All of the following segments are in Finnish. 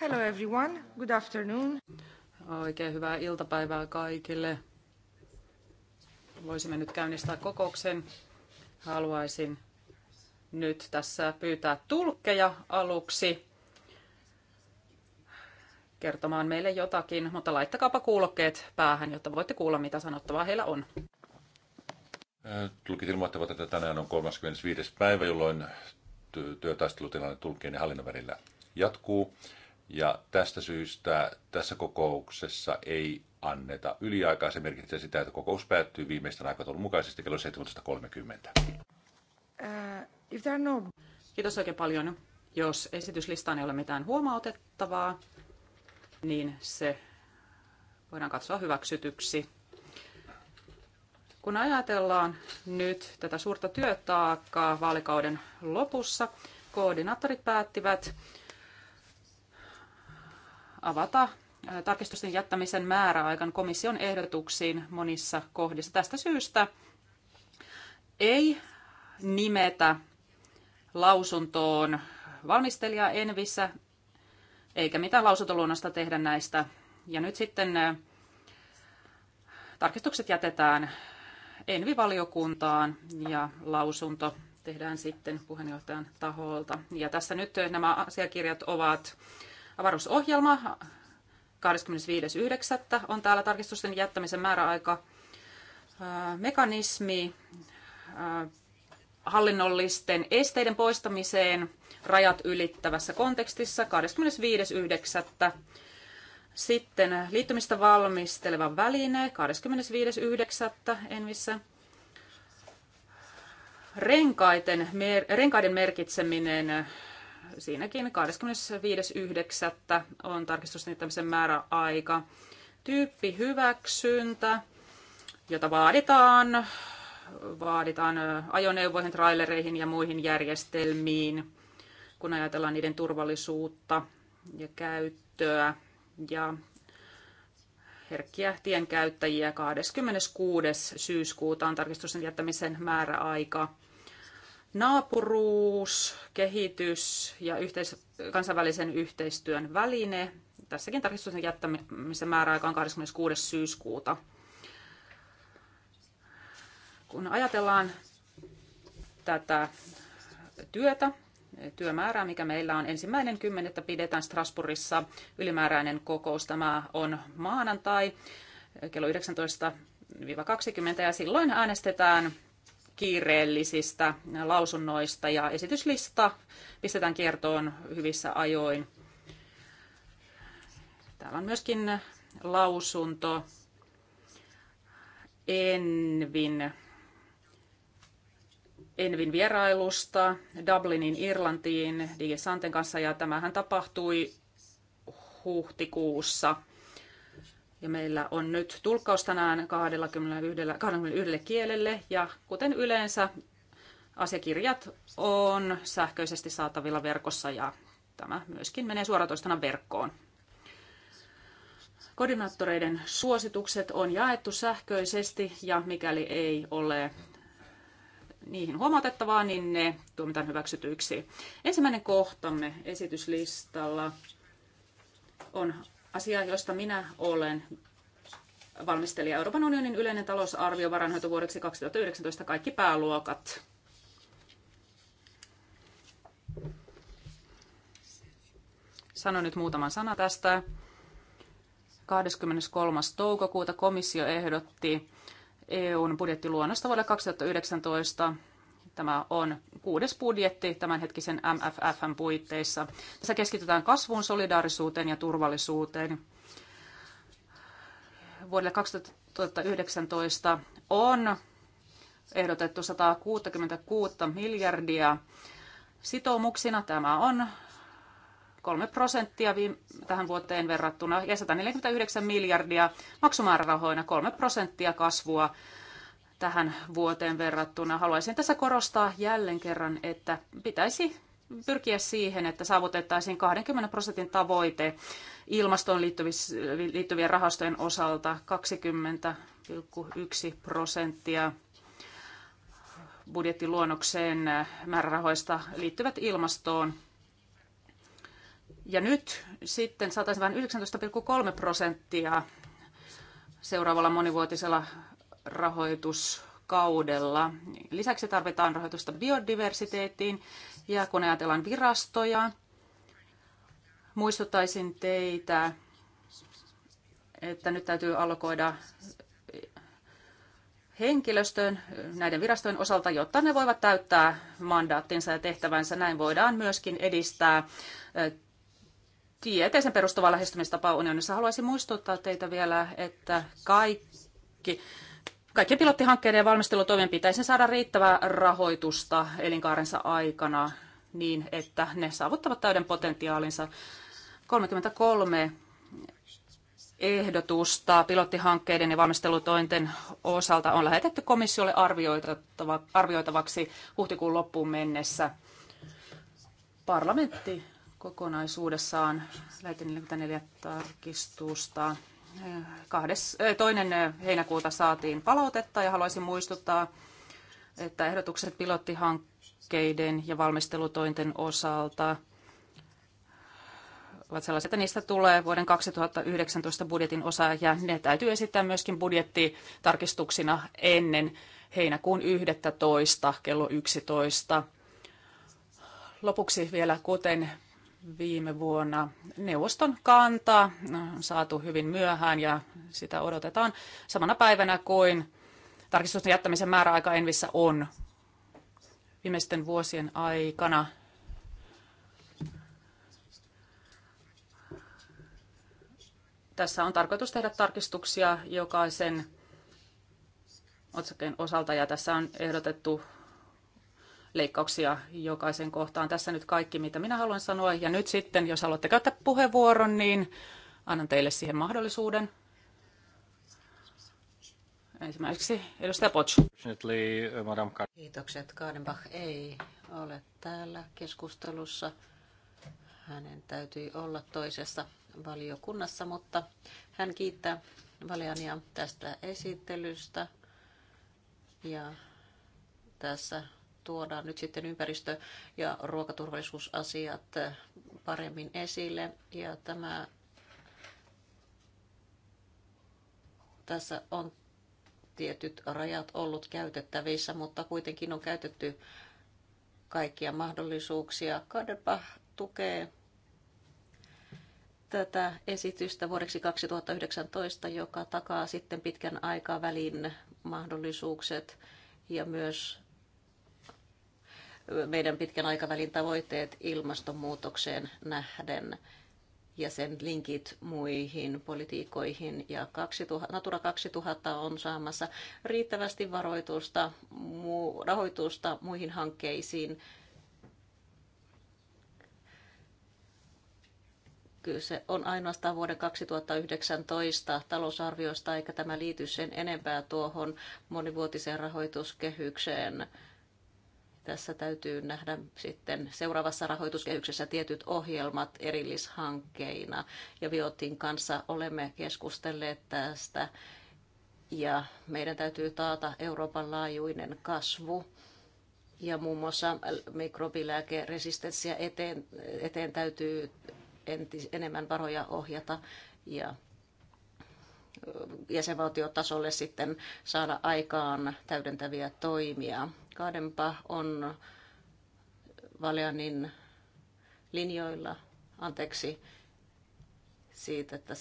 Hello everyone, good afternoon. Oikein hyvää iltapäivää kaikille. Voisimme nyt käynnistää kokouksen. Haluaisin nyt tässä pyytää tulkkeja aluksi kertomaan meille jotakin, mutta laittakaapa kuulokkeet päähän, jotta voitte kuulla, mitä sanottavaa heillä on. Tulkit ilmoittavat, että tänään on 35. päivä, jolloin työtaistelutilanne tulkien ja hallinnon välillä jatkuu. Ja tästä syystä tässä kokouksessa ei anneta yliaikaa. Se merkitsee sitä, että kokous päättyy viimeisten aikataulun mukaisesti kello 17.30. Uh, äh, no... Kiitos oikein paljon. Jos esityslistaan ei ole mitään huomautettavaa, niin se voidaan katsoa hyväksytyksi. Kun ajatellaan nyt tätä suurta työtaakkaa vaalikauden lopussa, koordinaattorit päättivät avata tarkistusten jättämisen määräaikan komission ehdotuksiin monissa kohdissa. Tästä syystä ei nimetä lausuntoon valmistelijaa Envissä, eikä mitään lausuntoluonnosta tehdä näistä. Ja nyt sitten tarkistukset jätetään Envi-valiokuntaan ja lausunto tehdään sitten puheenjohtajan taholta. Ja tässä nyt nämä asiakirjat ovat avaruusohjelma 25.9. on täällä tarkistusten jättämisen määräaika. Äh, mekanismi äh, hallinnollisten esteiden poistamiseen rajat ylittävässä kontekstissa 25.9. Sitten liittymistä valmisteleva väline 25.9. Envissä. Renkaiden, mer- renkaiden merkitseminen Siinäkin 25.9. on tarkistusten määräaika. Tyyppi hyväksyntä, jota vaaditaan, vaaditaan ajoneuvoihin, trailereihin ja muihin järjestelmiin, kun ajatellaan niiden turvallisuutta ja käyttöä. Ja herkkiä tienkäyttäjiä 26. syyskuuta on tarkistusten jättämisen määräaika naapuruus, kehitys ja yhteis- kansainvälisen yhteistyön väline. Tässäkin tarkistuksen jättämisen määräaika on 26. syyskuuta. Kun ajatellaan tätä työtä, työmäärää, mikä meillä on. Ensimmäinen kymmenettä pidetään Strasbourgissa ylimääräinen kokous. Tämä on maanantai kello 19-20 ja silloin äänestetään kiireellisistä lausunnoista ja esityslista pistetään kiertoon hyvissä ajoin. Täällä on myöskin lausunto Envin, Envin vierailusta Dublinin Irlantiin Digisanten kanssa ja tämähän tapahtui huhtikuussa – ja meillä on nyt tulkkaus tänään 21, 21 kielelle ja kuten yleensä asiakirjat on sähköisesti saatavilla verkossa ja tämä myöskin menee suoratoistona verkkoon. Koordinaattoreiden suositukset on jaettu sähköisesti ja mikäli ei ole niihin huomautettavaa, niin ne tuomitaan hyväksytyiksi. Ensimmäinen kohtamme esityslistalla on asia, josta minä olen valmistelija Euroopan unionin yleinen talousarvio varainhoitovuodeksi 2019 kaikki pääluokat. Sano nyt muutaman sana tästä. 23. toukokuuta komissio ehdotti EUn budjettiluonnosta vuodelle 2019 Tämä on kuudes budjetti tämänhetkisen MFFn puitteissa. Tässä keskitytään kasvuun, solidaarisuuteen ja turvallisuuteen. Vuodelle 2019 on ehdotettu 166 miljardia sitoumuksina. Tämä on 3 prosenttia tähän vuoteen verrattuna ja 149 miljardia maksumäärärahoina 3 prosenttia kasvua tähän vuoteen verrattuna. Haluaisin tässä korostaa jälleen kerran, että pitäisi pyrkiä siihen, että saavutettaisiin 20 prosentin tavoite ilmastoon liittyvien rahastojen osalta 20,1 prosenttia budjettiluonnokseen määrärahoista liittyvät ilmastoon. Ja nyt sitten saataisiin vain 19,3 prosenttia seuraavalla monivuotisella rahoituskaudella. Lisäksi tarvitaan rahoitusta biodiversiteettiin ja kun ajatellaan virastoja, muistuttaisin teitä, että nyt täytyy alkoida henkilöstön näiden virastojen osalta, jotta ne voivat täyttää mandaattinsa ja tehtävänsä. Näin voidaan myöskin edistää tieteeseen perustuvaa lähestymistapaa unionissa. Haluaisin muistuttaa teitä vielä, että kaikki kaikkien pilottihankkeiden ja valmistelutoimenpiteisiin saada riittävää rahoitusta elinkaarensa aikana niin, että ne saavuttavat täyden potentiaalinsa. 33 ehdotusta pilottihankkeiden ja valmistelutointen osalta on lähetetty komissiolle arvioitavaksi huhtikuun loppuun mennessä. Parlamentti kokonaisuudessaan lähetti 44 tarkistusta Kahdes, toinen heinäkuuta saatiin palautetta ja haluaisin muistuttaa, että ehdotukset pilottihankkeiden ja valmistelutointen osalta ovat sellaisia, että niistä tulee vuoden 2019 budjetin osa ja ne täytyy esittää myöskin budjettitarkistuksina ennen heinäkuun 11. kello 11. Lopuksi vielä, kuten viime vuonna. Neuvoston kantaa on äh, saatu hyvin myöhään ja sitä odotetaan samana päivänä kuin tarkistusten jättämisen määräaika Envissä on. Viimeisten vuosien aikana tässä on tarkoitus tehdä tarkistuksia jokaisen otsakkeen osalta ja tässä on ehdotettu leikkauksia jokaisen kohtaan. Tässä nyt kaikki, mitä minä haluan sanoa. Ja nyt sitten, jos haluatte käyttää puheenvuoron, niin annan teille siihen mahdollisuuden. Esimerkiksi edustaja Potsch. Uh, Kiitokset. Kaadenbach ei ole täällä keskustelussa. Hänen täytyy olla toisessa valiokunnassa, mutta hän kiittää Valiania tästä esittelystä. Ja tässä tuodaan nyt sitten ympäristö- ja ruokaturvallisuusasiat paremmin esille. Ja tämä tässä on tietyt rajat ollut käytettävissä, mutta kuitenkin on käytetty kaikkia mahdollisuuksia. Kadepa tukee tätä esitystä vuodeksi 2019, joka takaa sitten pitkän aikavälin mahdollisuukset ja myös meidän pitkän aikavälin tavoitteet ilmastonmuutokseen nähden ja sen linkit muihin politiikoihin. Ja 2000, Natura 2000 on saamassa riittävästi varoitusta, muu, rahoitusta muihin hankkeisiin. kyse on ainoastaan vuoden 2019 talousarviosta, eikä tämä liity sen enempää tuohon monivuotiseen rahoituskehykseen tässä täytyy nähdä sitten seuraavassa rahoituskehyksessä tietyt ohjelmat erillishankkeina. Ja Viotin kanssa olemme keskustelleet tästä. Ja meidän täytyy taata Euroopan laajuinen kasvu ja muun muassa mikrobilääkeresistenssiä eteen, eteen täytyy entis, enemmän varoja ohjata ja jäsenvaltiotasolle sitten saada aikaan täydentäviä toimia. Kaadenpa on Valjanin linjoilla, anteeksi, siitä, että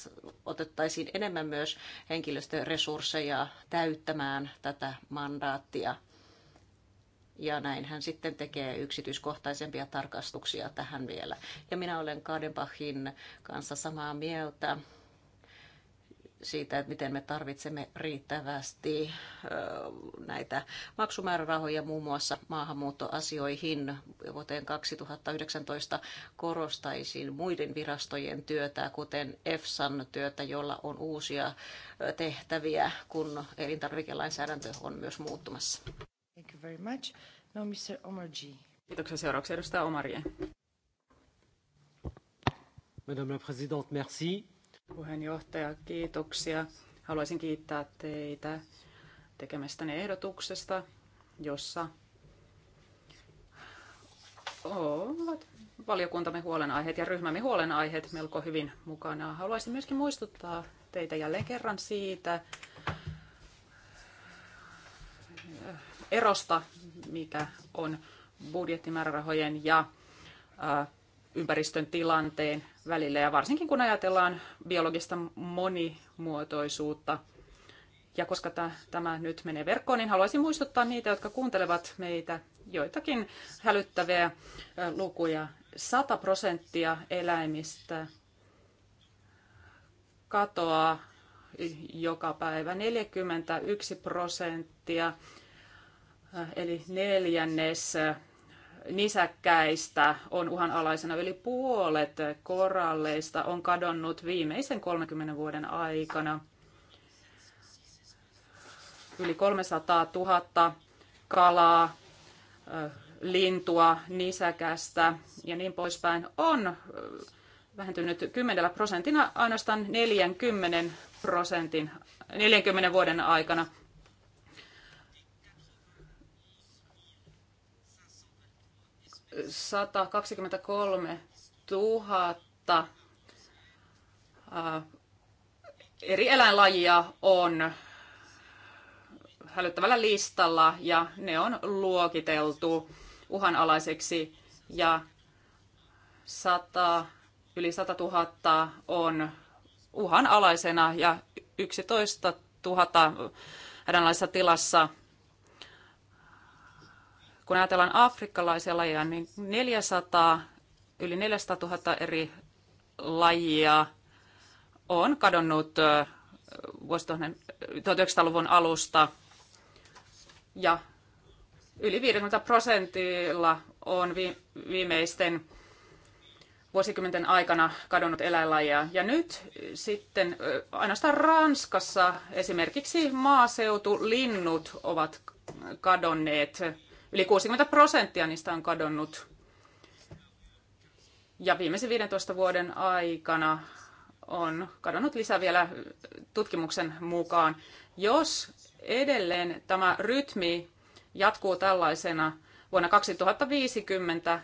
otettaisiin enemmän myös henkilöstöresursseja täyttämään tätä mandaattia. Ja näin hän sitten tekee yksityiskohtaisempia tarkastuksia tähän vielä. Ja minä olen Kadenbachin kanssa samaa mieltä siitä, että miten me tarvitsemme riittävästi näitä maksumäärärahoja muun muassa maahanmuuttoasioihin vuoteen 2019 korostaisin muiden virastojen työtä, kuten EFSAn työtä, jolla on uusia tehtäviä, kun elintarvikelainsäädäntö on myös muuttumassa. Thank you very much. No, Mr. Omar G. Kiitoksia seuraavaksi edustaja Omarie. Madame la Présidente, merci. Puheenjohtaja, kiitoksia. Haluaisin kiittää teitä tekemästäni ehdotuksesta, jossa ovat valiokuntamme huolenaiheet ja ryhmämme huolenaiheet melko hyvin mukana. Haluaisin myöskin muistuttaa teitä jälleen kerran siitä erosta, mikä on budjettimäärärahojen ja ympäristön tilanteen välillä ja varsinkin kun ajatellaan biologista monimuotoisuutta. Ja koska tämä nyt menee verkkoon, niin haluaisin muistuttaa niitä, jotka kuuntelevat meitä joitakin hälyttäviä lukuja. 100 prosenttia eläimistä katoaa joka päivä 41 prosenttia, eli neljännes nisäkkäistä on uhanalaisena. Yli puolet koralleista on kadonnut viimeisen 30 vuoden aikana. Yli 300 000 kalaa, lintua, nisäkästä ja niin poispäin on vähentynyt 10 prosentina ainoastaan 40 prosentin 40 vuoden aikana. 123 000 eri eläinlajia on hälyttävällä listalla ja ne on luokiteltu uhanalaiseksi ja 100, yli 100 000 on uhanalaisena ja 11 000 hädänalaisessa tilassa kun ajatellaan afrikkalaisia lajeja, niin 400, yli 400 000 eri lajia on kadonnut vuosituhannen 1900-luvun alusta ja yli 50 prosentilla on viimeisten vuosikymmenten aikana kadonnut eläinlajia. Ja nyt sitten ainoastaan Ranskassa esimerkiksi maaseutulinnut ovat kadonneet Yli 60 prosenttia niistä on kadonnut. Ja viimeisen 15 vuoden aikana on kadonnut lisää vielä tutkimuksen mukaan. Jos edelleen tämä rytmi jatkuu tällaisena vuonna 2050,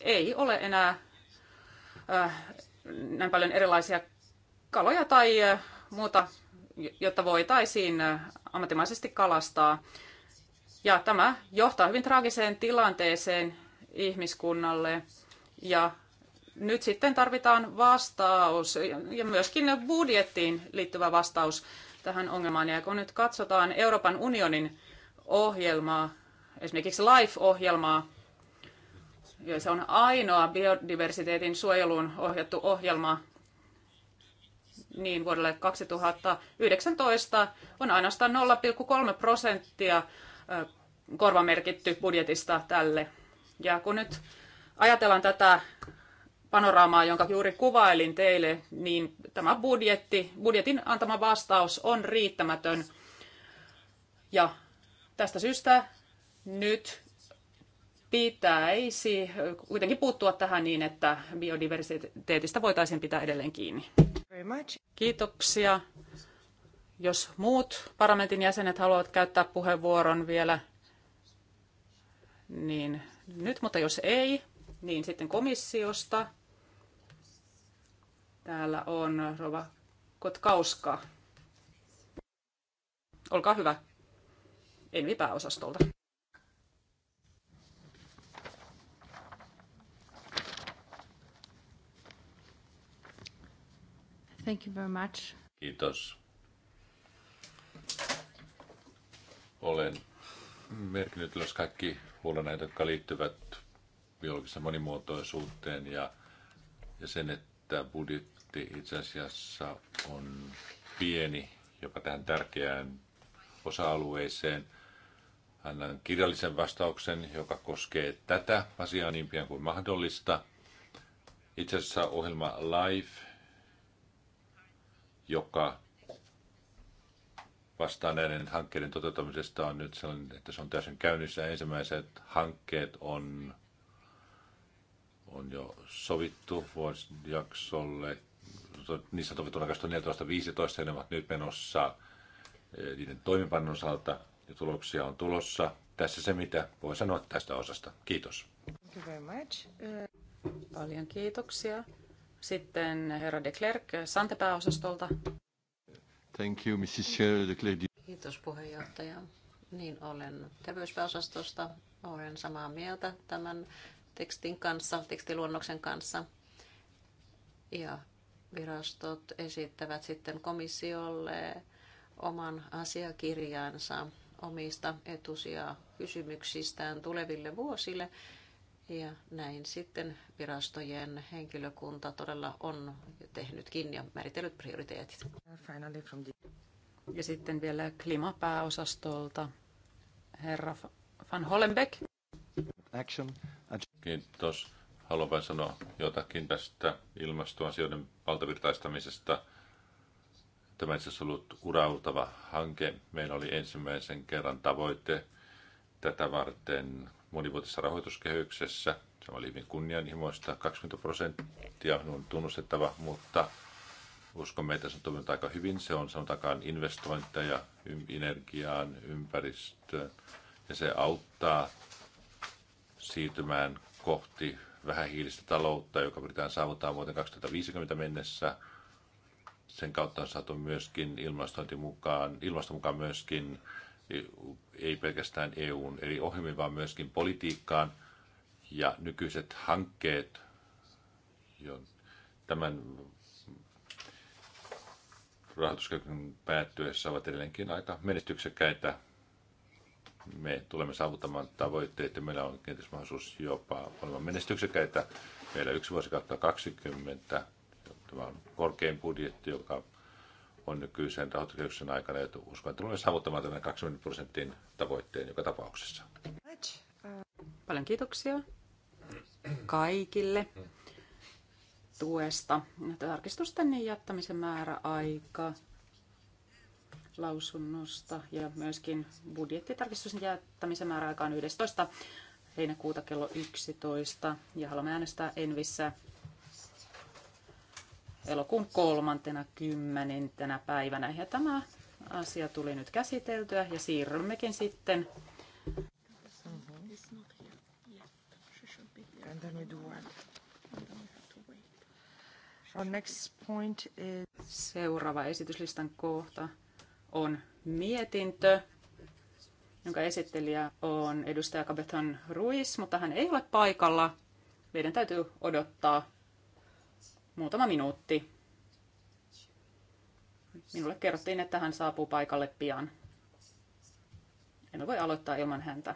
ei ole enää näin paljon erilaisia kaloja tai muuta, jotta voitaisiin ammattimaisesti kalastaa. Ja tämä johtaa hyvin traagiseen tilanteeseen ihmiskunnalle. Ja nyt sitten tarvitaan vastaus ja myöskin budjettiin liittyvä vastaus tähän ongelmaan. Ja kun nyt katsotaan Euroopan unionin ohjelmaa, esimerkiksi LIFE-ohjelmaa, ja se on ainoa biodiversiteetin suojeluun ohjattu ohjelma, niin vuodelle 2019 on ainoastaan 0,3 prosenttia korvamerkitty budjetista tälle. Ja kun nyt ajatellaan tätä panoraamaa, jonka juuri kuvailin teille, niin tämä budjetti, budjetin antama vastaus on riittämätön. Ja tästä syystä nyt pitäisi kuitenkin puuttua tähän niin, että biodiversiteetistä voitaisiin pitää edelleen kiinni. Kiitoksia. Jos muut parlamentin jäsenet haluavat käyttää puheenvuoron vielä, niin nyt, mutta jos ei, niin sitten komissiosta. Täällä on Rova Kotkauska. Olkaa hyvä. Envi pääosastolta. Thank you very much. Kiitos. Olen merkinnyt ylös kaikki huolenaiheet, jotka liittyvät biologiseen monimuotoisuuteen ja, ja sen, että budjetti itse asiassa on pieni, jopa tähän tärkeään osa-alueeseen. Annan kirjallisen vastauksen, joka koskee tätä asiaa niin pian kuin mahdollista. Itse asiassa ohjelma Live, joka vastaan näiden hankkeiden toteutumisesta on nyt sellainen, että se on täysin käynnissä. Ensimmäiset hankkeet on, on jo sovittu vuosijaksolle. Niissä on sovittu 2014-2015 ja ne ovat nyt menossa eh, niiden toimipannon osalta ja tuloksia on tulossa. Tässä se, mitä voi sanoa tästä osasta. Kiitos. Thank you very much. Paljon kiitoksia. Sitten herra de Klerk Sante-pääosastolta. Thank you, Mrs. Chair, the Kiitos puheenjohtaja. Niin olen terveyspääosastosta. Olen samaa mieltä tämän tekstin kanssa, tekstiluonnoksen kanssa. Ja virastot esittävät sitten komissiolle oman asiakirjansa omista etusia kysymyksistään tuleville vuosille ja näin sitten virastojen henkilökunta todella on tehnytkin ja määritellyt prioriteetit. Ja sitten vielä klimapääosastolta herra Van Hollenbeck. Action. Kiitos. Haluan vain sanoa jotakin tästä ilmastoasioiden valtavirtaistamisesta. Tämä itse asiassa ollut urautava hanke. Meillä oli ensimmäisen kerran tavoite tätä varten monivuotisessa rahoituskehyksessä. Se oli hyvin kunnianhimoista, 20 prosenttia on tunnustettava, mutta uskomme, että se on toiminut aika hyvin. Se on sanotaan investointeja energiaan, ympäristöön ja se auttaa siirtymään kohti vähähiilistä taloutta, joka pyritään saavuttamaan vuoteen 2050 mennessä. Sen kautta on saatu myöskin ilmastointi mukaan, ilmaston mukaan myöskin ei pelkästään EUn eri ohjelmiin, vaan myöskin politiikkaan. Ja nykyiset hankkeet, jo tämän rahoitusketjun päättyessä ovat edelleenkin aika menestyksekkäitä. Me tulemme saavuttamaan tavoitteet ja meillä on kenties mahdollisuus jopa olemaan menestyksekkäitä. Meillä yksi vuosi 2020, tämä on korkein budjetti, joka on nykyisen rahoituskehyksen aikana, että uskon, että tulemme saavuttamaan tämän 20 prosentin tavoitteen joka tapauksessa. Paljon kiitoksia kaikille tuesta. Tarkistusten jättämisen määrä aika lausunnosta ja myöskin budjettitarkistusten jättämisen määräaika on 11. heinäkuuta kello 11 ja haluamme äänestää Envissä elokuun kolmantena kymmenentenä päivänä. Ja tämä asia tuli nyt käsiteltyä ja siirrymmekin sitten Seuraava esityslistan kohta on mietintö, jonka esittelijä on edustaja Kabethan Ruiz, mutta hän ei ole paikalla. Meidän täytyy odottaa muutama minuutti. Minulle kerrottiin, että hän saapuu paikalle pian. En voi aloittaa ilman häntä.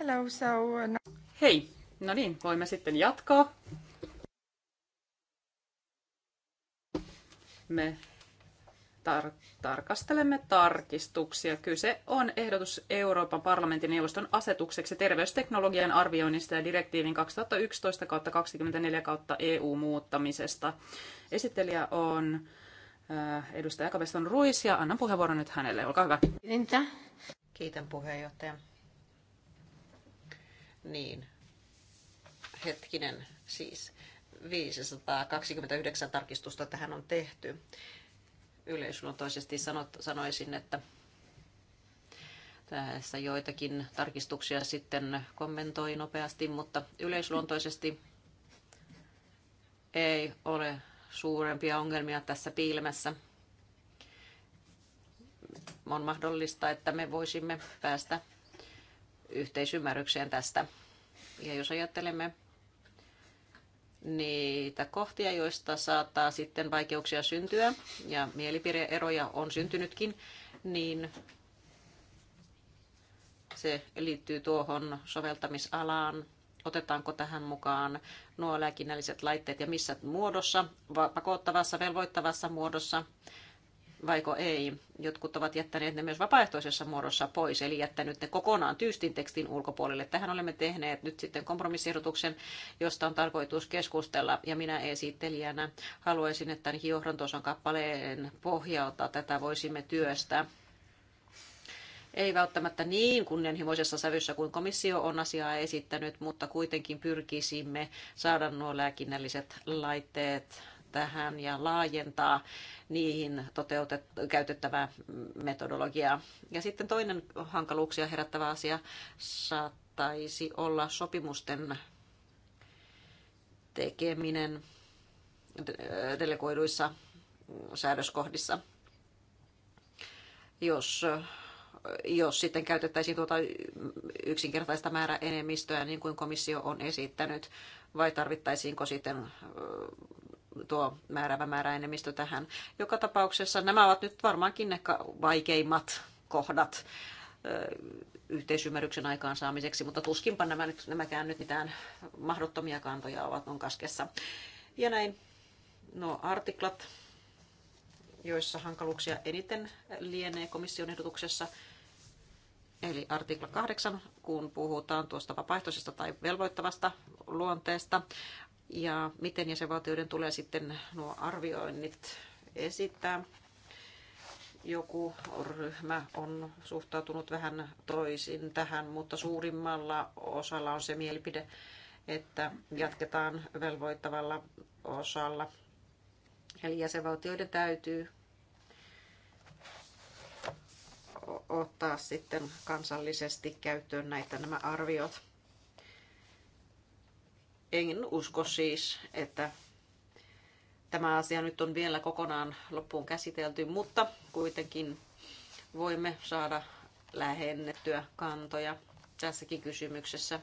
Hello, so... Uh, Hei, no niin, voimme sitten jatkaa. Me tar- tarkastelemme tarkistuksia. Kyse on ehdotus Euroopan parlamentin neuvoston asetukseksi terveysteknologian arvioinnista ja direktiivin 2011-24-EU e muuttamisesta. Esittelijä on äh, edustaja Kaveston Ruis ja annan puheenvuoron nyt hänelle. Olkaa hyvä. Entä? Kiitän puheenjohtaja. Niin, hetkinen siis. 529 tarkistusta tähän on tehty. Yleisluontoisesti sanot, sanoisin, että tässä joitakin tarkistuksia sitten kommentoi nopeasti, mutta yleisluontoisesti ei ole suurempia ongelmia tässä piilemässä on mahdollista, että me voisimme päästä yhteisymmärrykseen tästä. Ja jos ajattelemme niitä kohtia, joista saattaa sitten vaikeuksia syntyä ja mielipideeroja on syntynytkin, niin se liittyy tuohon soveltamisalaan. Otetaanko tähän mukaan nuo lääkinnälliset laitteet ja missä muodossa, pakottavassa, velvoittavassa muodossa vaiko ei. Jotkut ovat jättäneet ne myös vapaaehtoisessa muodossa pois, eli jättänyt ne kokonaan tyystin tekstin ulkopuolelle. Tähän olemme tehneet nyt sitten kompromissiehdotuksen, josta on tarkoitus keskustella, ja minä esittelijänä haluaisin, että ainakin kappaleen pohjalta tätä voisimme työstää ei välttämättä niin kunnianhimoisessa sävyssä kuin komissio on asiaa esittänyt, mutta kuitenkin pyrkisimme saada nuo lääkinnälliset laitteet tähän ja laajentaa niihin toteutet- käytettävää metodologiaa. Ja sitten toinen hankaluuksia herättävä asia saattaisi olla sopimusten tekeminen delegoiduissa säädöskohdissa. Jos jos sitten käytettäisiin tuota yksinkertaista määrä enemmistöä, niin kuin komissio on esittänyt, vai tarvittaisiinko sitten tuo määrävä määrä enemmistö tähän. Joka tapauksessa nämä ovat nyt varmaankin ne vaikeimmat kohdat yhteisymmärryksen aikaansaamiseksi, mutta tuskinpa nämä nyt, nämäkään nyt mitään mahdottomia kantoja ovat on kaskessa. Ja näin nuo artiklat, joissa hankaluuksia eniten lienee komission ehdotuksessa, eli artikla 8, kun puhutaan tuosta vapaaehtoisesta tai velvoittavasta luonteesta, ja miten jäsenvaltioiden tulee sitten nuo arvioinnit esittää. Joku ryhmä on suhtautunut vähän toisin tähän, mutta suurimmalla osalla on se mielipide, että jatketaan velvoittavalla osalla. Eli jäsenvaltioiden täytyy ottaa sitten kansallisesti käyttöön näitä nämä arviot. En usko siis, että tämä asia nyt on vielä kokonaan loppuun käsitelty, mutta kuitenkin voimme saada lähennettyä kantoja tässäkin kysymyksessä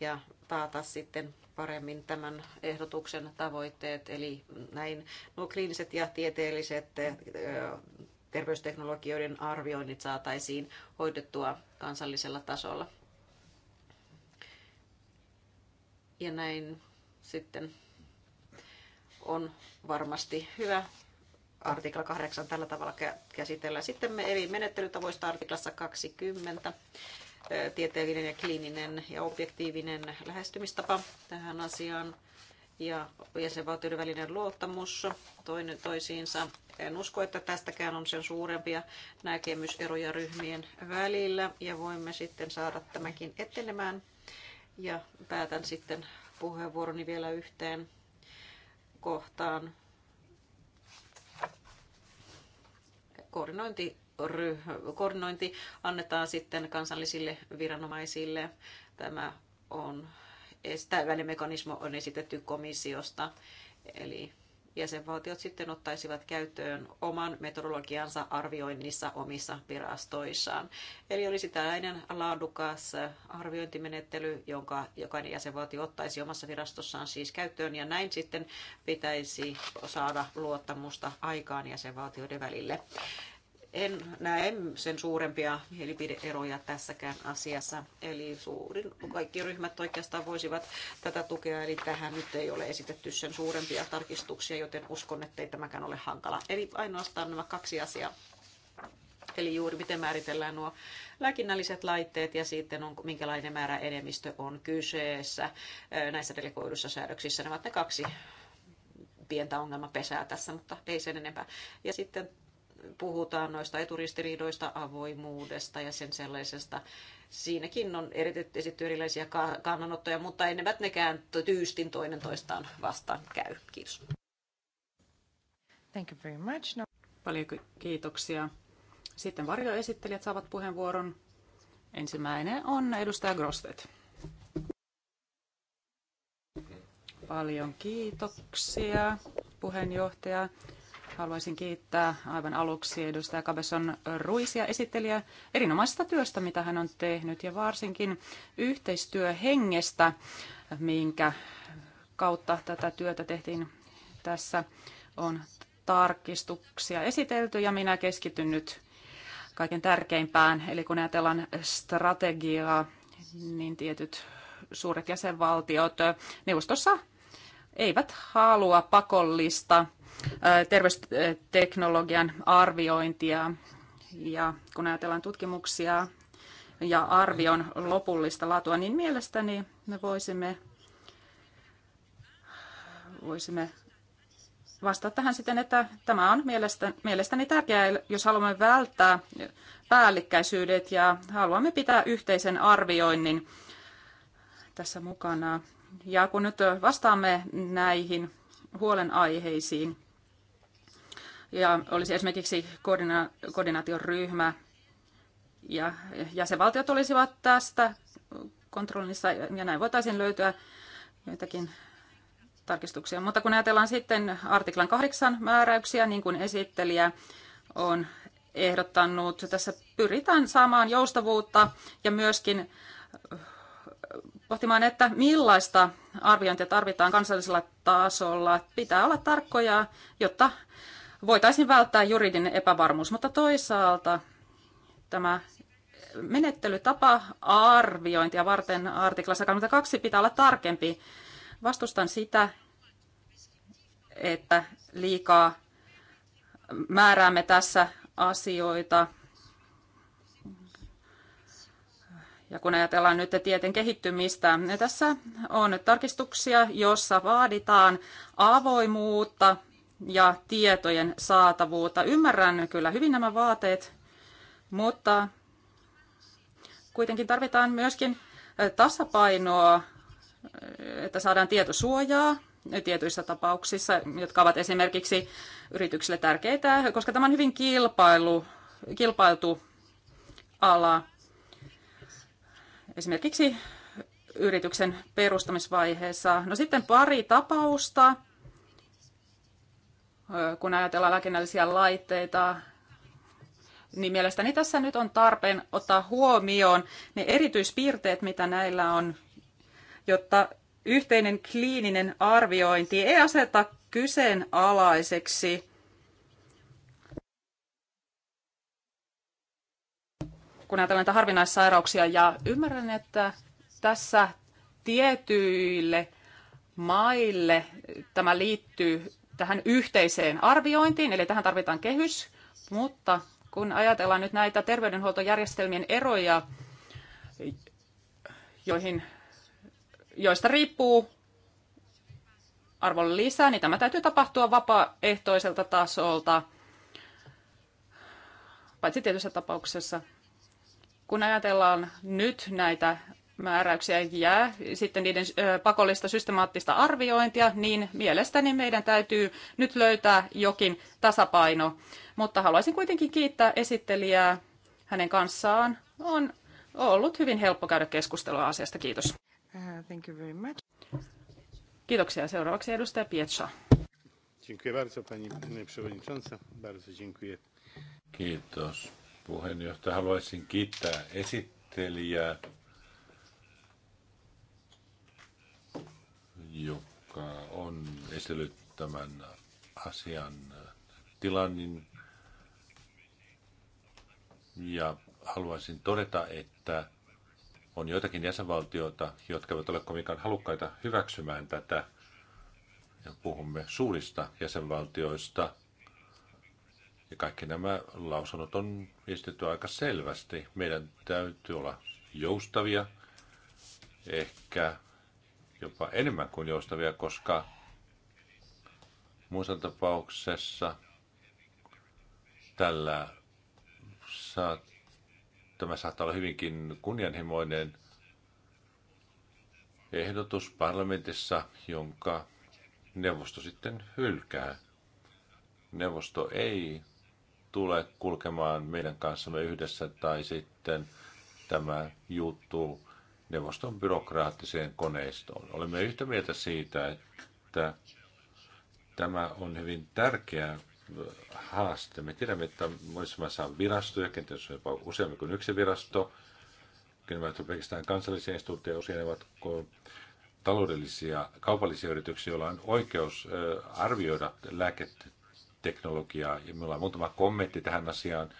ja taata sitten paremmin tämän ehdotuksen tavoitteet. Eli näin nuo kliiniset ja tieteelliset terveysteknologioiden arvioinnit saataisiin hoidettua kansallisella tasolla. Ja näin sitten on varmasti hyvä artikla 8 tällä tavalla käsitellä. Sitten me eri menettelytavoista artiklassa 20 tieteellinen ja kliininen ja objektiivinen lähestymistapa tähän asiaan ja jäsenvaltioiden välinen luottamus toinen toisiinsa. En usko, että tästäkään on sen suurempia näkemyseroja ryhmien välillä ja voimme sitten saada tämänkin etenemään ja päätän sitten puheenvuoroni vielä yhteen kohtaan. Koordinointi, koordinointi annetaan sitten kansallisille viranomaisille. Tämä on tämä välimekanismo on esitetty komissiosta, eli jäsenvaltiot sitten ottaisivat käyttöön oman metodologiansa arvioinnissa omissa virastoissaan. Eli olisi tällainen laadukas arviointimenettely, jonka jokainen jäsenvaltio ottaisi omassa virastossaan siis käyttöön, ja näin sitten pitäisi saada luottamusta aikaan jäsenvaltioiden välille en näe sen suurempia mielipideeroja tässäkään asiassa. Eli suurin, kaikki ryhmät oikeastaan voisivat tätä tukea, eli tähän nyt ei ole esitetty sen suurempia tarkistuksia, joten uskon, että ei tämäkään ole hankala. Eli ainoastaan nämä kaksi asiaa. Eli juuri miten määritellään nuo lääkinnälliset laitteet ja sitten on, minkälainen määrä enemmistö on kyseessä näissä delegoiduissa säädöksissä. Ne ovat ne kaksi pientä ongelmapesää tässä, mutta ei sen enempää. Ja sitten puhutaan noista eturistiriidoista, avoimuudesta ja sen sellaisesta. Siinäkin on esitetty erilaisia kannanottoja, mutta enemmät nekään tyystin toinen toistaan vastaan käy. Kiitos. Thank you very much. No. Paljon kiitoksia. Sitten varjoesittelijät saavat puheenvuoron. Ensimmäinen on edustaja Grosvet. Paljon kiitoksia, puheenjohtaja. Haluaisin kiittää aivan aluksi edustaja Kabeson Ruisia esittelijä erinomaisesta työstä, mitä hän on tehnyt ja varsinkin yhteistyöhengestä, minkä kautta tätä työtä tehtiin tässä on tarkistuksia esitelty ja minä keskityn nyt kaiken tärkeimpään. Eli kun ajatellaan strategiaa, niin tietyt suuret jäsenvaltiot neuvostossa eivät halua pakollista terveysteknologian arviointia. Ja kun ajatellaan tutkimuksia ja arvion lopullista latua, niin mielestäni me voisimme, voisimme vastata tähän siten, että tämä on mielestäni, mielestäni tärkeää, jos haluamme välttää päällikkäisyydet ja haluamme pitää yhteisen arvioinnin tässä mukana. Ja kun nyt vastaamme näihin huolenaiheisiin, ja olisi esimerkiksi koordina- koordinaatioryhmä ja jäsenvaltiot olisivat tästä kontrollissa ja näin voitaisiin löytyä joitakin tarkistuksia. Mutta kun ajatellaan sitten artiklan kahdeksan määräyksiä, niin kuin esittelijä on ehdottanut, tässä pyritään saamaan joustavuutta ja myöskin äh, pohtimaan, että millaista arviointia tarvitaan kansallisella tasolla. Pitää olla tarkkoja, jotta voitaisiin välttää juridinen epävarmuus, mutta toisaalta tämä menettelytapa arviointia varten artiklassa 22 pitää olla tarkempi. Vastustan sitä, että liikaa määräämme tässä asioita. Ja kun ajatellaan nyt tieteen kehittymistä, niin tässä on tarkistuksia, jossa vaaditaan avoimuutta ja tietojen saatavuutta. Ymmärrän kyllä hyvin nämä vaateet, mutta kuitenkin tarvitaan myöskin tasapainoa, että saadaan tietosuojaa tietyissä tapauksissa, jotka ovat esimerkiksi yrityksille tärkeitä, koska tämä on hyvin kilpailu, kilpailtu ala. Esimerkiksi yrityksen perustamisvaiheessa. No sitten pari tapausta kun ajatellaan lääkinnällisiä laitteita, niin mielestäni tässä nyt on tarpeen ottaa huomioon ne erityispiirteet, mitä näillä on, jotta yhteinen kliininen arviointi ei aseta kyseenalaiseksi kun ajatellaan näitä harvinaissairauksia. Ja ymmärrän, että tässä tietyille maille tämä liittyy tähän yhteiseen arviointiin, eli tähän tarvitaan kehys, mutta kun ajatellaan nyt näitä terveydenhuoltojärjestelmien eroja, joihin, joista riippuu arvon lisää, niin tämä täytyy tapahtua vapaaehtoiselta tasolta, paitsi tietyissä tapauksessa. Kun ajatellaan nyt näitä määräyksiä jää, sitten niiden pakollista systemaattista arviointia, niin mielestäni meidän täytyy nyt löytää jokin tasapaino. Mutta haluaisin kuitenkin kiittää esittelijää hänen kanssaan. On ollut hyvin helppo käydä keskustelua asiasta. Kiitos. Uh, thank you very much. Kiitoksia. Seuraavaksi edustaja Pietsa. Dziękuję bardzo, pani przewodnicząca. Bardzo dziękuję. Kiitos puheenjohtaja. Haluaisin kiittää esittelijää joka on esitellyt tämän asian äh, tilannin. Ja haluaisin todeta, että on joitakin jäsenvaltioita, jotka eivät ole kovinkaan halukkaita hyväksymään tätä. Ja puhumme suurista jäsenvaltioista. Ja kaikki nämä lausunnot on esitetty aika selvästi. Meidän täytyy olla joustavia. Ehkä jopa enemmän kuin joustavia, koska muussa tapauksessa tällä saa, tämä saattaa olla hyvinkin kunnianhimoinen ehdotus parlamentissa, jonka neuvosto sitten hylkää. Neuvosto ei tule kulkemaan meidän kanssamme yhdessä tai sitten tämä juuttuu neuvoston byrokraattiseen koneistoon. Olemme yhtä mieltä siitä, että tämä on hyvin tärkeä haaste. Me tiedämme, että monissa maissa on virastoja, kenties on jopa useammin kuin yksi virasto. Kyllä ovat pelkästään kansallisia instituutteja, usein ovat taloudellisia, kaupallisia yrityksiä, joilla on oikeus arvioida lääketeknologiaa. Ja meillä on muutama kommentti tähän asiaan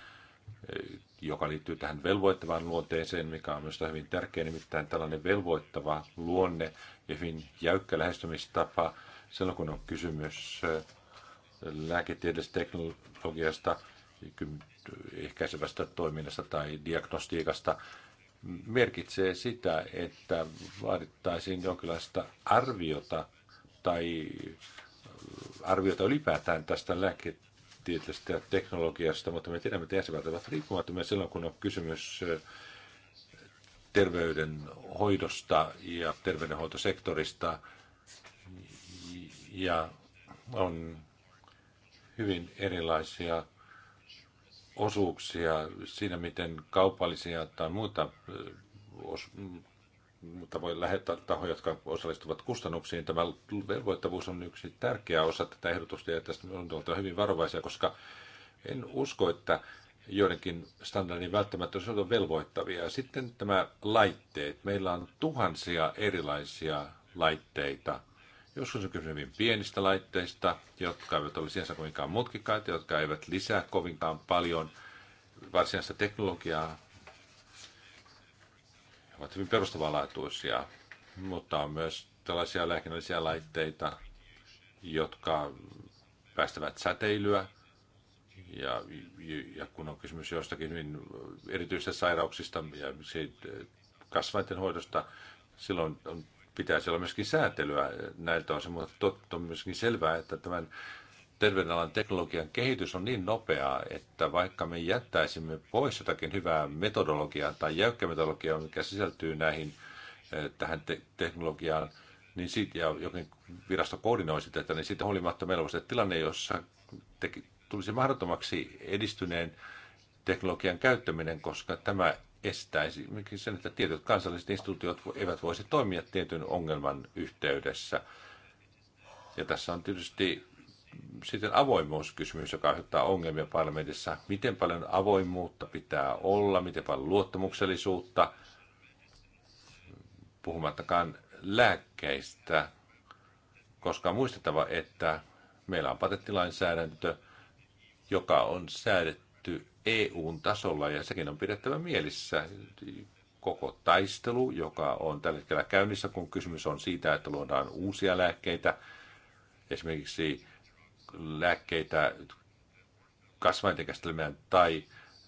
joka liittyy tähän velvoittavaan luonteeseen, mikä on minusta hyvin tärkeä, nimittäin tällainen velvoittava luonne ja hyvin jäykkä lähestymistapa silloin, kun on kysymys äh, lääketieteellisestä teknologiasta, ehkäisevästä toiminnasta tai diagnostiikasta, merkitsee sitä, että vaadittaisiin jonkinlaista arviota tai äh, arviota ylipäätään tästä lääketieteellisestä tieteestä teknologiasta, mutta me tiedämme, että jäsenvaltiot ovat riippumattomia silloin, kun on kysymys terveydenhoidosta ja terveydenhoitosektorista. Ja on hyvin erilaisia osuuksia siinä, miten kaupallisia tai muuta mutta voi lähettää tahoja, jotka osallistuvat kustannuksiin. Tämä velvoittavuus on yksi tärkeä osa tätä ehdotusta ja tästä on oltava hyvin varovaisia, koska en usko, että joidenkin standardin välttämättä on velvoittavia. Sitten tämä laitteet. Meillä on tuhansia erilaisia laitteita. Joskus on kysymys hyvin pienistä laitteista, jotka eivät ole sinänsä kovinkaan mutkikkaita, jotka eivät lisää kovinkaan paljon varsinaista teknologiaa ovat hyvin perustavanlaatuisia, mutta on myös tällaisia lääkinnällisiä laitteita, jotka päästävät säteilyä. Ja, ja kun on kysymys jostakin hyvin erityisistä sairauksista ja kasvainten hoidosta, silloin on, pitäisi olla myöskin säätelyä näiltä osin, mutta on myöskin selvää, että tämän terveydenalan teknologian kehitys on niin nopeaa, että vaikka me jättäisimme pois jotakin hyvää metodologiaa tai jäykkämetodologiaa, mikä sisältyy näihin, eh, tähän te- teknologiaan, niin siitä, ja jokin virasto koordinoi sitä, niin siitä huolimatta meillä on se tilanne, jossa teki, tulisi mahdottomaksi edistyneen teknologian käyttäminen, koska tämä estäisi sen, että tietyt kansalliset instituutiot eivät voisi toimia tietyn ongelman yhteydessä. Ja tässä on tietysti sitten avoimuuskysymys, joka aiheuttaa ongelmia parlamentissa. Miten paljon avoimuutta pitää olla, miten paljon luottamuksellisuutta, puhumattakaan lääkkeistä, koska on muistettava, että meillä on patenttilainsäädäntö, joka on säädetty EUn tasolla ja sekin on pidettävä mielissä koko taistelu, joka on tällä hetkellä käynnissä, kun kysymys on siitä, että luodaan uusia lääkkeitä, esimerkiksi lääkkeitä kasvaintekästelmään tai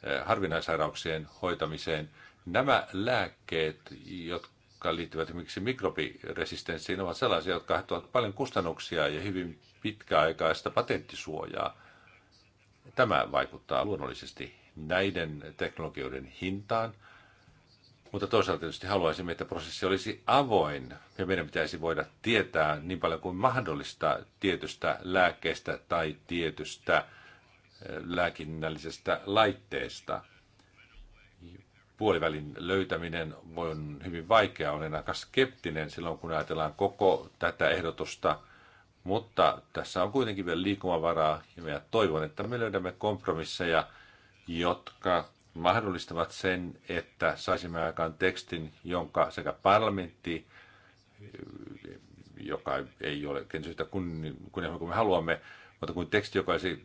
eh, harvinaisairauksien hoitamiseen. Nämä lääkkeet, jotka liittyvät esimerkiksi mikrobiresistenssiin, ovat sellaisia, jotka aiheuttavat paljon kustannuksia ja hyvin pitkäaikaista patenttisuojaa. Tämä vaikuttaa luonnollisesti näiden teknologioiden hintaan – mutta toisaalta tietysti haluaisimme, että prosessi olisi avoin ja meidän pitäisi voida tietää niin paljon kuin mahdollista tietystä lääkkeestä tai tietystä eh, lääkinnällisestä laitteesta. Puolivälin löytäminen voi on hyvin vaikeaa, olen aika skeptinen silloin kun ajatellaan koko tätä ehdotusta, mutta tässä on kuitenkin vielä liikumavaraa ja minä toivon, että me löydämme kompromisseja, jotka mahdollistavat sen, että saisimme aikaan tekstin, jonka sekä parlamentti, joka ei ole kenties kun, kun, me haluamme, mutta kuin teksti, joka olisi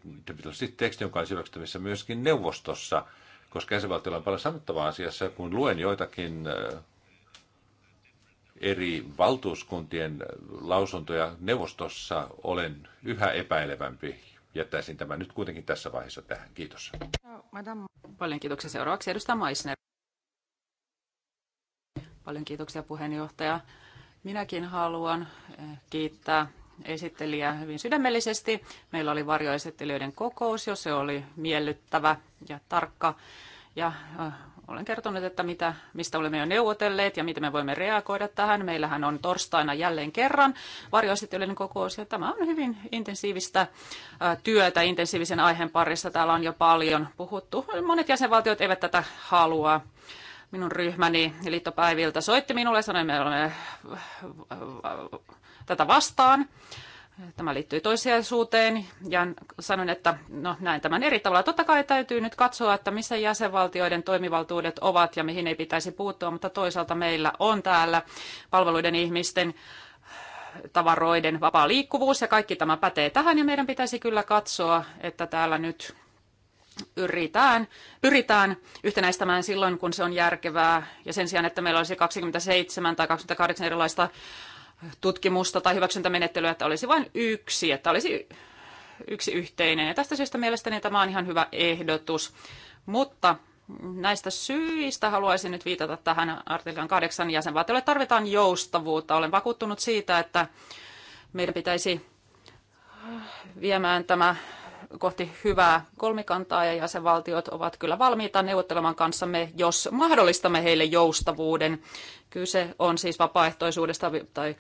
teksti, joka olisi hyväksyttävissä myöskin neuvostossa, koska jäsenvaltiolla on paljon sanottavaa asiassa, kun luen joitakin eh, eri valtuuskuntien eh, lausuntoja neuvostossa, olen yhä epäilevämpi jättäisin tämän nyt kuitenkin tässä vaiheessa tähän. Kiitos. Paljon kiitoksia seuraavaksi edustaja Maisner. Paljon kiitoksia puheenjohtaja. Minäkin haluan eh, kiittää esittelijää hyvin sydämellisesti. Meillä oli varjoesittelijöiden kokous, jos se oli miellyttävä ja tarkka. Ja eh, olen kertonut, että mitä, mistä olemme jo neuvotelleet ja miten me voimme reagoida tähän. Meillähän on torstaina jälleen kerran varjoesittelyiden kokous ja tämä on hyvin intensiivistä työtä intensiivisen aiheen parissa. Täällä on jo paljon puhuttu. Monet jäsenvaltiot eivät tätä halua minun ryhmäni liittopäiviltä soitti minulle ja sanoi, että me olemme tätä vastaan. Tämä liittyy toissijaisuuteen ja sanoin, että no, näen tämän eri tavalla. Totta kai täytyy nyt katsoa, että missä jäsenvaltioiden toimivaltuudet ovat ja mihin ei pitäisi puuttua, mutta toisaalta meillä on täällä palveluiden ihmisten tavaroiden vapaa liikkuvuus ja kaikki tämä pätee tähän ja meidän pitäisi kyllä katsoa, että täällä nyt yritään, pyritään yhtenäistämään silloin, kun se on järkevää ja sen sijaan, että meillä olisi 27 tai 28 erilaista tutkimusta tai hyväksyntämenettelyä, että olisi vain yksi, että olisi yksi yhteinen. Ja tästä syystä mielestäni tämä on ihan hyvä ehdotus. Mutta näistä syistä haluaisin nyt viitata tähän artiklan kahdeksan jäsenvaltiolle. Tarvitaan joustavuutta. Olen vakuuttunut siitä, että meidän pitäisi viemään tämä kohti hyvää kolmikantaa ja jäsenvaltiot ovat kyllä valmiita neuvottelemaan kanssamme, jos mahdollistamme heille joustavuuden. Kyse on siis vapaaehtoisuudesta tai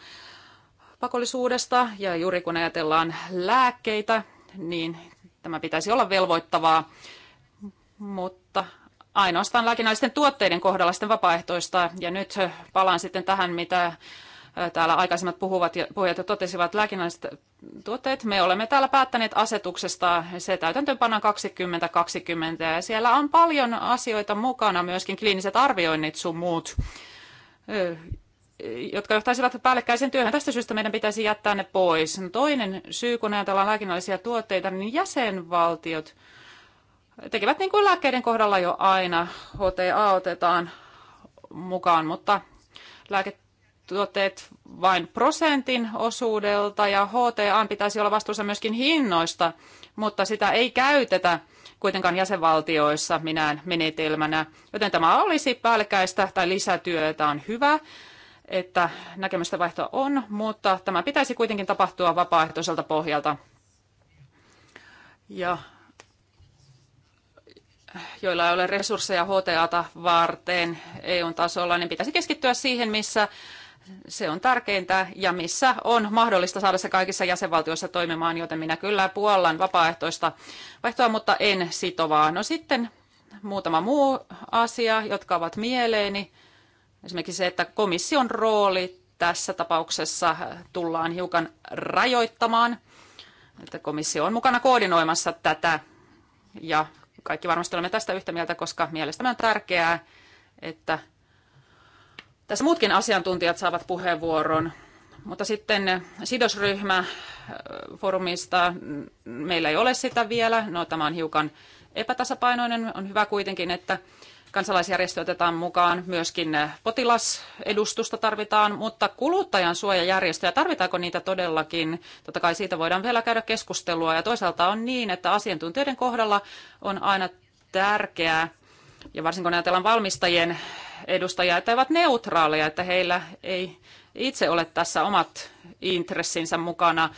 pakollisuudesta ja juuri kun ajatellaan lääkkeitä, niin tämä pitäisi olla velvoittavaa, mutta ainoastaan lääkinnällisten tuotteiden kohdalla sitten vapaaehtoista. Ja nyt palaan sitten tähän, mitä täällä aikaisemmat puhuvat ja puhujat totesivat lääkinnälliset tuotteet. Me olemme täällä päättäneet asetuksesta, se täytäntöönpana 2020 ja siellä on paljon asioita mukana, myöskin kliiniset arvioinnit sun muut jotka johtaisivat päällekkäisen työhön. Tästä syystä meidän pitäisi jättää ne pois. Toinen syy, kun ajatellaan lääkinnällisiä tuotteita, niin jäsenvaltiot tekevät niin kuin lääkkeiden kohdalla jo aina. HTA otetaan mukaan, mutta lääket tuotteet vain prosentin osuudelta ja HTA pitäisi olla vastuussa myöskin hinnoista, mutta sitä ei käytetä kuitenkaan jäsenvaltioissa minään menetelmänä, joten tämä olisi päällekkäistä tai lisätyötä on hyvä, että näkemystä vaihtoa on, mutta tämä pitäisi kuitenkin tapahtua vapaaehtoiselta pohjalta. Ja joilla ei ole resursseja HTAta varten eu tasolla, niin pitäisi keskittyä siihen, missä se on tärkeintä ja missä on mahdollista saada se kaikissa jäsenvaltioissa toimimaan, joten minä kyllä puollan vapaaehtoista vaihtoa, mutta en sitovaa. No sitten muutama muu asia, jotka ovat mieleeni. Esimerkiksi se, että komission rooli tässä tapauksessa tullaan hiukan rajoittamaan. Että komissio on mukana koordinoimassa tätä ja kaikki varmasti olemme tästä yhtä mieltä, koska mielestäni on tärkeää, että tässä muutkin asiantuntijat saavat puheenvuoron, mutta sitten sidosryhmä äh, foorumista mm, meillä ei ole sitä vielä. No, tämä on hiukan epätasapainoinen. On hyvä kuitenkin, että kansalaisjärjestö otetaan mukaan, myöskin äh, potilasedustusta tarvitaan, mutta kuluttajan suojajärjestöjä, tarvitaanko niitä todellakin? Totta kai siitä voidaan vielä käydä keskustelua ja toisaalta on niin, että asiantuntijoiden kohdalla on aina tärkeää, ja varsinkin kun ajatellaan valmistajien edustajia, että he ovat neutraaleja, että heillä ei itse ole tässä omat intressinsä mukana,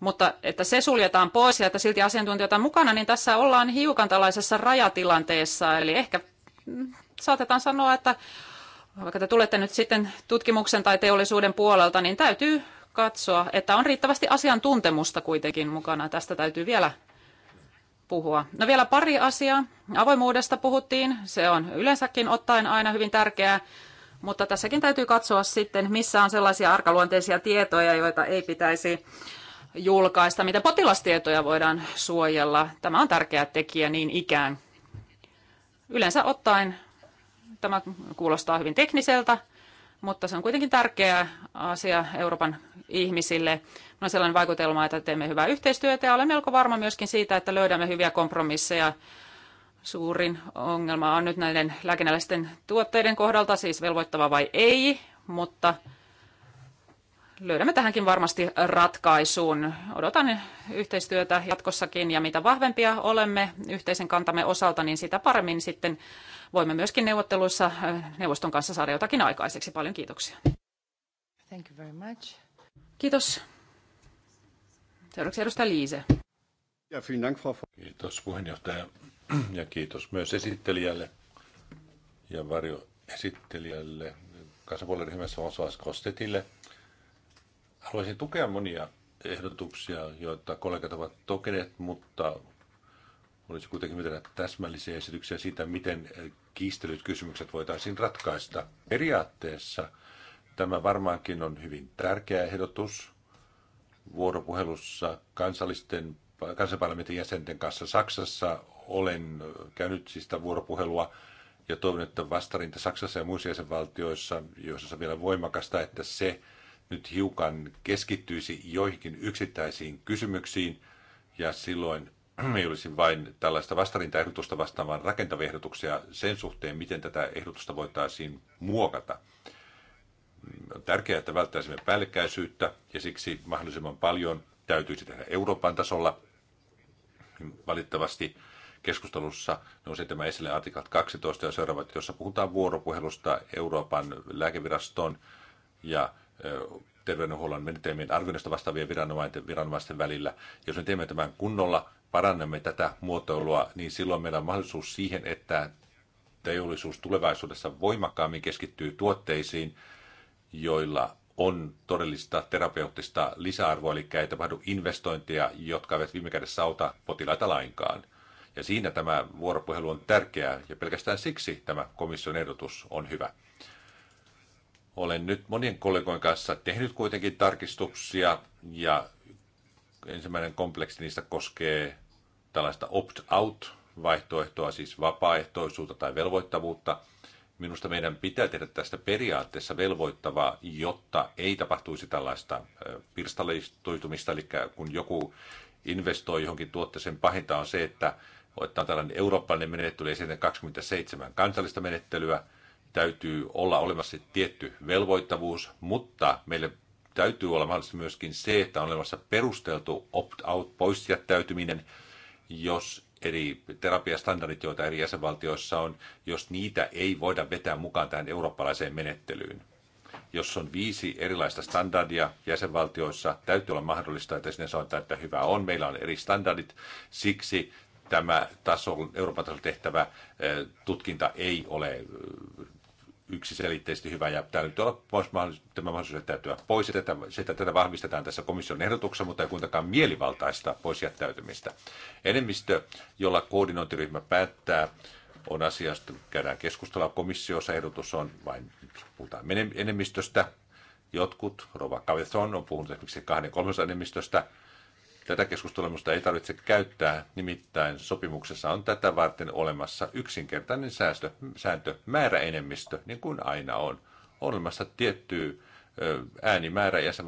mutta että se suljetaan pois ja että silti asiantuntijoita on mukana, niin tässä ollaan hiukan tällaisessa rajatilanteessa. Eli ehkä saatetaan sanoa, että vaikka te tulette nyt sitten tutkimuksen tai teollisuuden puolelta, niin täytyy katsoa, että on riittävästi asiantuntemusta kuitenkin mukana. Tästä täytyy vielä puhua. No vielä pari asiaa. Avoimuudesta puhuttiin. Se on yleensäkin ottaen aina hyvin tärkeää, mutta tässäkin täytyy katsoa sitten, missä on sellaisia arkaluonteisia tietoja, joita ei pitäisi julkaista, miten potilastietoja voidaan suojella. Tämä on tärkeä tekijä niin ikään. Yleensä ottaen tämä kuulostaa hyvin tekniseltä, mutta se on kuitenkin tärkeä asia Euroopan ihmisille on no, sellainen vaikutelma, että teemme hyvää yhteistyötä ja olen melko varma myöskin siitä, että löydämme hyviä kompromisseja. Suurin ongelma on nyt näiden lääkinnällisten tuotteiden kohdalta, siis velvoittava vai ei, mutta löydämme tähänkin varmasti ratkaisun. Odotan yhteistyötä jatkossakin ja mitä vahvempia olemme yhteisen kantamme osalta, niin sitä paremmin sitten voimme myöskin neuvotteluissa äh, neuvoston kanssa saada jotakin aikaiseksi. Paljon kiitoksia. Thank you very much. Kiitos. Seuraavaksi edustaja Liise. Kiitos puheenjohtaja ja kiitos myös esittelijälle ja varjoesittelijälle kansanpuoliryhmässä Osas Kostetille. Haluaisin tukea monia ehdotuksia, joita kollegat ovat tokeneet, mutta olisi kuitenkin mitään täsmällisiä esityksiä siitä, miten kiistelyt kysymykset voitaisiin ratkaista. Periaatteessa tämä varmaankin on hyvin tärkeä ehdotus, vuoropuhelussa kansallisten kansanparlamentin jäsenten kanssa Saksassa. Olen käynyt siis sitä vuoropuhelua ja toivon, että vastarinta Saksassa ja muissa jäsenvaltioissa, joissa on vielä voimakasta, että se nyt hiukan keskittyisi joihinkin yksittäisiin kysymyksiin ja silloin ei olisi vain tällaista vastarintaehdotusta vastaan, vaan rakentavia ehdotuksia sen suhteen, miten tätä ehdotusta voitaisiin muokata. On tärkeää, että välttäisimme päällekkäisyyttä ja siksi mahdollisimman paljon täytyisi tehdä Euroopan tasolla. Valittavasti keskustelussa nousi tämä esille artiklat 12 ja seuraavat, jossa puhutaan vuoropuhelusta Euroopan lääkeviraston ja terveydenhuollon menetelmien arvioinnista vastaavien viranomaisten, viranomaisten välillä. Jos me teemme tämän kunnolla, parannamme tätä muotoilua, niin silloin meillä on mahdollisuus siihen, että teollisuus tulevaisuudessa voimakkaammin keskittyy tuotteisiin, joilla on todellista terapeuttista lisäarvoa, eli ei tapahdu investointeja, jotka eivät viime kädessä auta potilaita lainkaan. Ja siinä tämä vuoropuhelu on tärkeää, ja pelkästään siksi tämä komission ehdotus on hyvä. Olen nyt monien kollegojen kanssa tehnyt kuitenkin tarkistuksia, ja ensimmäinen kompleksi niistä koskee tällaista opt-out-vaihtoehtoa, siis vapaaehtoisuutta tai velvoittavuutta – Minusta meidän pitää tehdä tästä periaatteessa velvoittavaa, jotta ei tapahtuisi tällaista pirstaloitumista. Eli kun joku investoi johonkin tuotteeseen, pahinta on se, että ottaa tällainen eurooppalainen menettely ja 27 kansallista menettelyä. Täytyy olla olemassa tietty velvoittavuus, mutta meille täytyy olla mahdollista myöskin se, että on olemassa perusteltu opt-out poisjättäytyminen, jos eri terapiastandardit, joita eri jäsenvaltioissa on, jos niitä ei voida vetää mukaan tähän eurooppalaiseen menettelyyn. Jos on viisi erilaista standardia jäsenvaltioissa, täytyy olla mahdollista, että sinne sanotaan, että hyvä on, meillä on eri standardit, siksi tämä taso, Euroopan tasolla tehtävä eh, tutkinta ei ole eh, yksiselitteisesti hyvä ja täytyy olla tämä mahdollisuus jättäytyä pois. Ja tätä, sitä, tätä vahvistetaan tässä komission ehdotuksessa, mutta ei kuitenkaan mielivaltaista pois jättäytymistä. Enemmistö, jolla koordinointiryhmä päättää, on asiasta, käydään keskustelua komissiossa, ehdotus on vain, puhutaan enemmistöstä. Jotkut, Rova Cavethon on puhunut esimerkiksi kahden kolmasosa enemmistöstä, Tätä keskustelua ei tarvitse käyttää, nimittäin sopimuksessa on tätä varten olemassa yksinkertainen säästö, sääntö, määräenemmistö, niin kuin aina on. On olemassa tietty äänimäärä ja se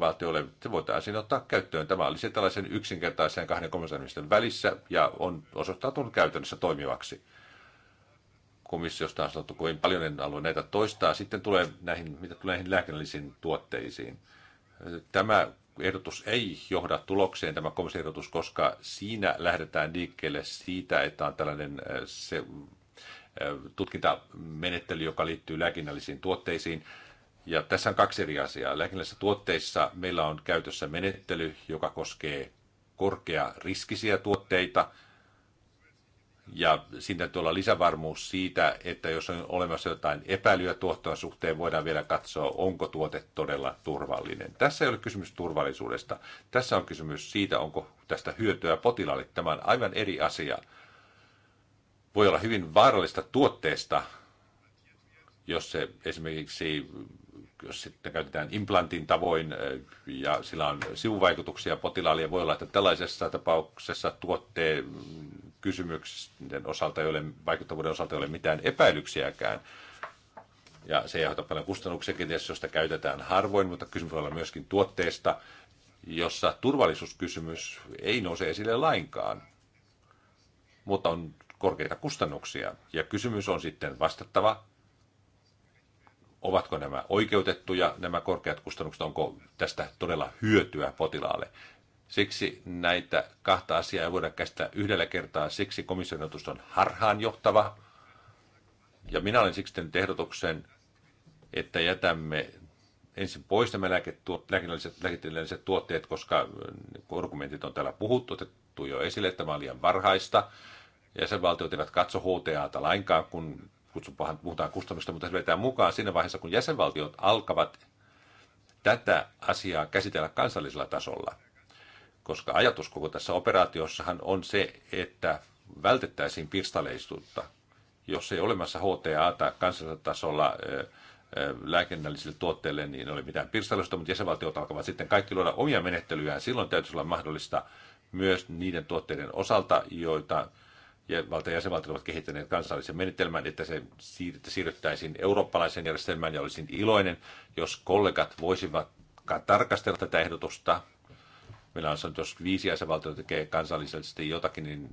voitaisiin ottaa käyttöön. Tämä olisi tällaisen yksinkertaisen kahden komissaarimisten välissä ja on osoittautunut käytännössä toimivaksi. Komissiosta on sanottu, kuin paljon en halua näitä toistaa. Sitten tulee näihin, mitä tulee näihin lääkinnällisiin tuotteisiin. Tämä ehdotus ei johda tulokseen tämä komission ehdotus, koska siinä lähdetään liikkeelle siitä, että on tällainen äh, se, äh, tutkintamenettely, joka liittyy lääkinnällisiin tuotteisiin. Ja tässä on kaksi eri asiaa. Lääkinnällisissä tuotteissa meillä on käytössä menettely, joka koskee korkeariskisiä riskisiä tuotteita – ja siinä täytyy olla lisävarmuus siitä, että jos on olemassa jotain epäilyä tuottoon suhteen, voidaan vielä katsoa, onko tuote todella turvallinen. Tässä ei ole kysymys turvallisuudesta. Tässä on kysymys siitä, onko tästä hyötyä potilaalle. Tämä on aivan eri asia. Voi olla hyvin vaarallista tuotteesta, jos se esimerkiksi jos sitten käytetään implantin tavoin eh, ja sillä on sivuvaikutuksia potilaalle, voi olla, että tällaisessa tapauksessa tuotteen kysymyksen osalta ei ole, vaikuttavuuden osalta ei ole mitään epäilyksiäkään. Ja se aiheuta paljon kustannuksia, kenties josta käytetään harvoin, mutta kysymys voi olla myöskin tuotteesta, jossa turvallisuuskysymys ei nouse esille lainkaan, mutta on korkeita kustannuksia. Ja kysymys on sitten vastattava, ovatko nämä oikeutettuja, nämä korkeat kustannukset, onko tästä todella hyötyä potilaalle. Siksi näitä kahta asiaa ei voida käsittää yhdellä kertaa. Siksi komission ehdotus on harhaanjohtava. Ja minä olen siksi tehnyt ehdotuksen, että jätämme ensin pois nämä lääkinnälliset, lääkinnälliset tuotteet, koska äh, argumentit on täällä puhuttu, otettu jo esille, että tämä on liian varhaista. Jäsenvaltiot eivät katso HTAta lainkaan, kun kutsun, puhutaan kustannuksista, mutta se vetää mukaan siinä vaiheessa, kun jäsenvaltiot alkavat tätä asiaa käsitellä kansallisella tasolla koska ajatus koko tässä operaatiossahan on se, että vältettäisiin pirstaleisuutta. Jos ei olemassa HTA tai kansallisella tasolla lääkennällisille tuotteille, niin ei ole mitään pirstaleisuutta, mutta jäsenvaltiot alkavat sitten kaikki luoda omia menettelyjään. Silloin täytyisi olla mahdollista myös niiden tuotteiden osalta, joita valta jäsenvaltiot ovat kehittäneet kansallisen menetelmän, että se siirryttäisiin eurooppalaisen järjestelmään ja olisin iloinen, jos kollegat voisivat tarkastella tätä ehdotusta meillä on sanottu, jos viisi jäsenvaltiota tekee kansallisesti jotakin, niin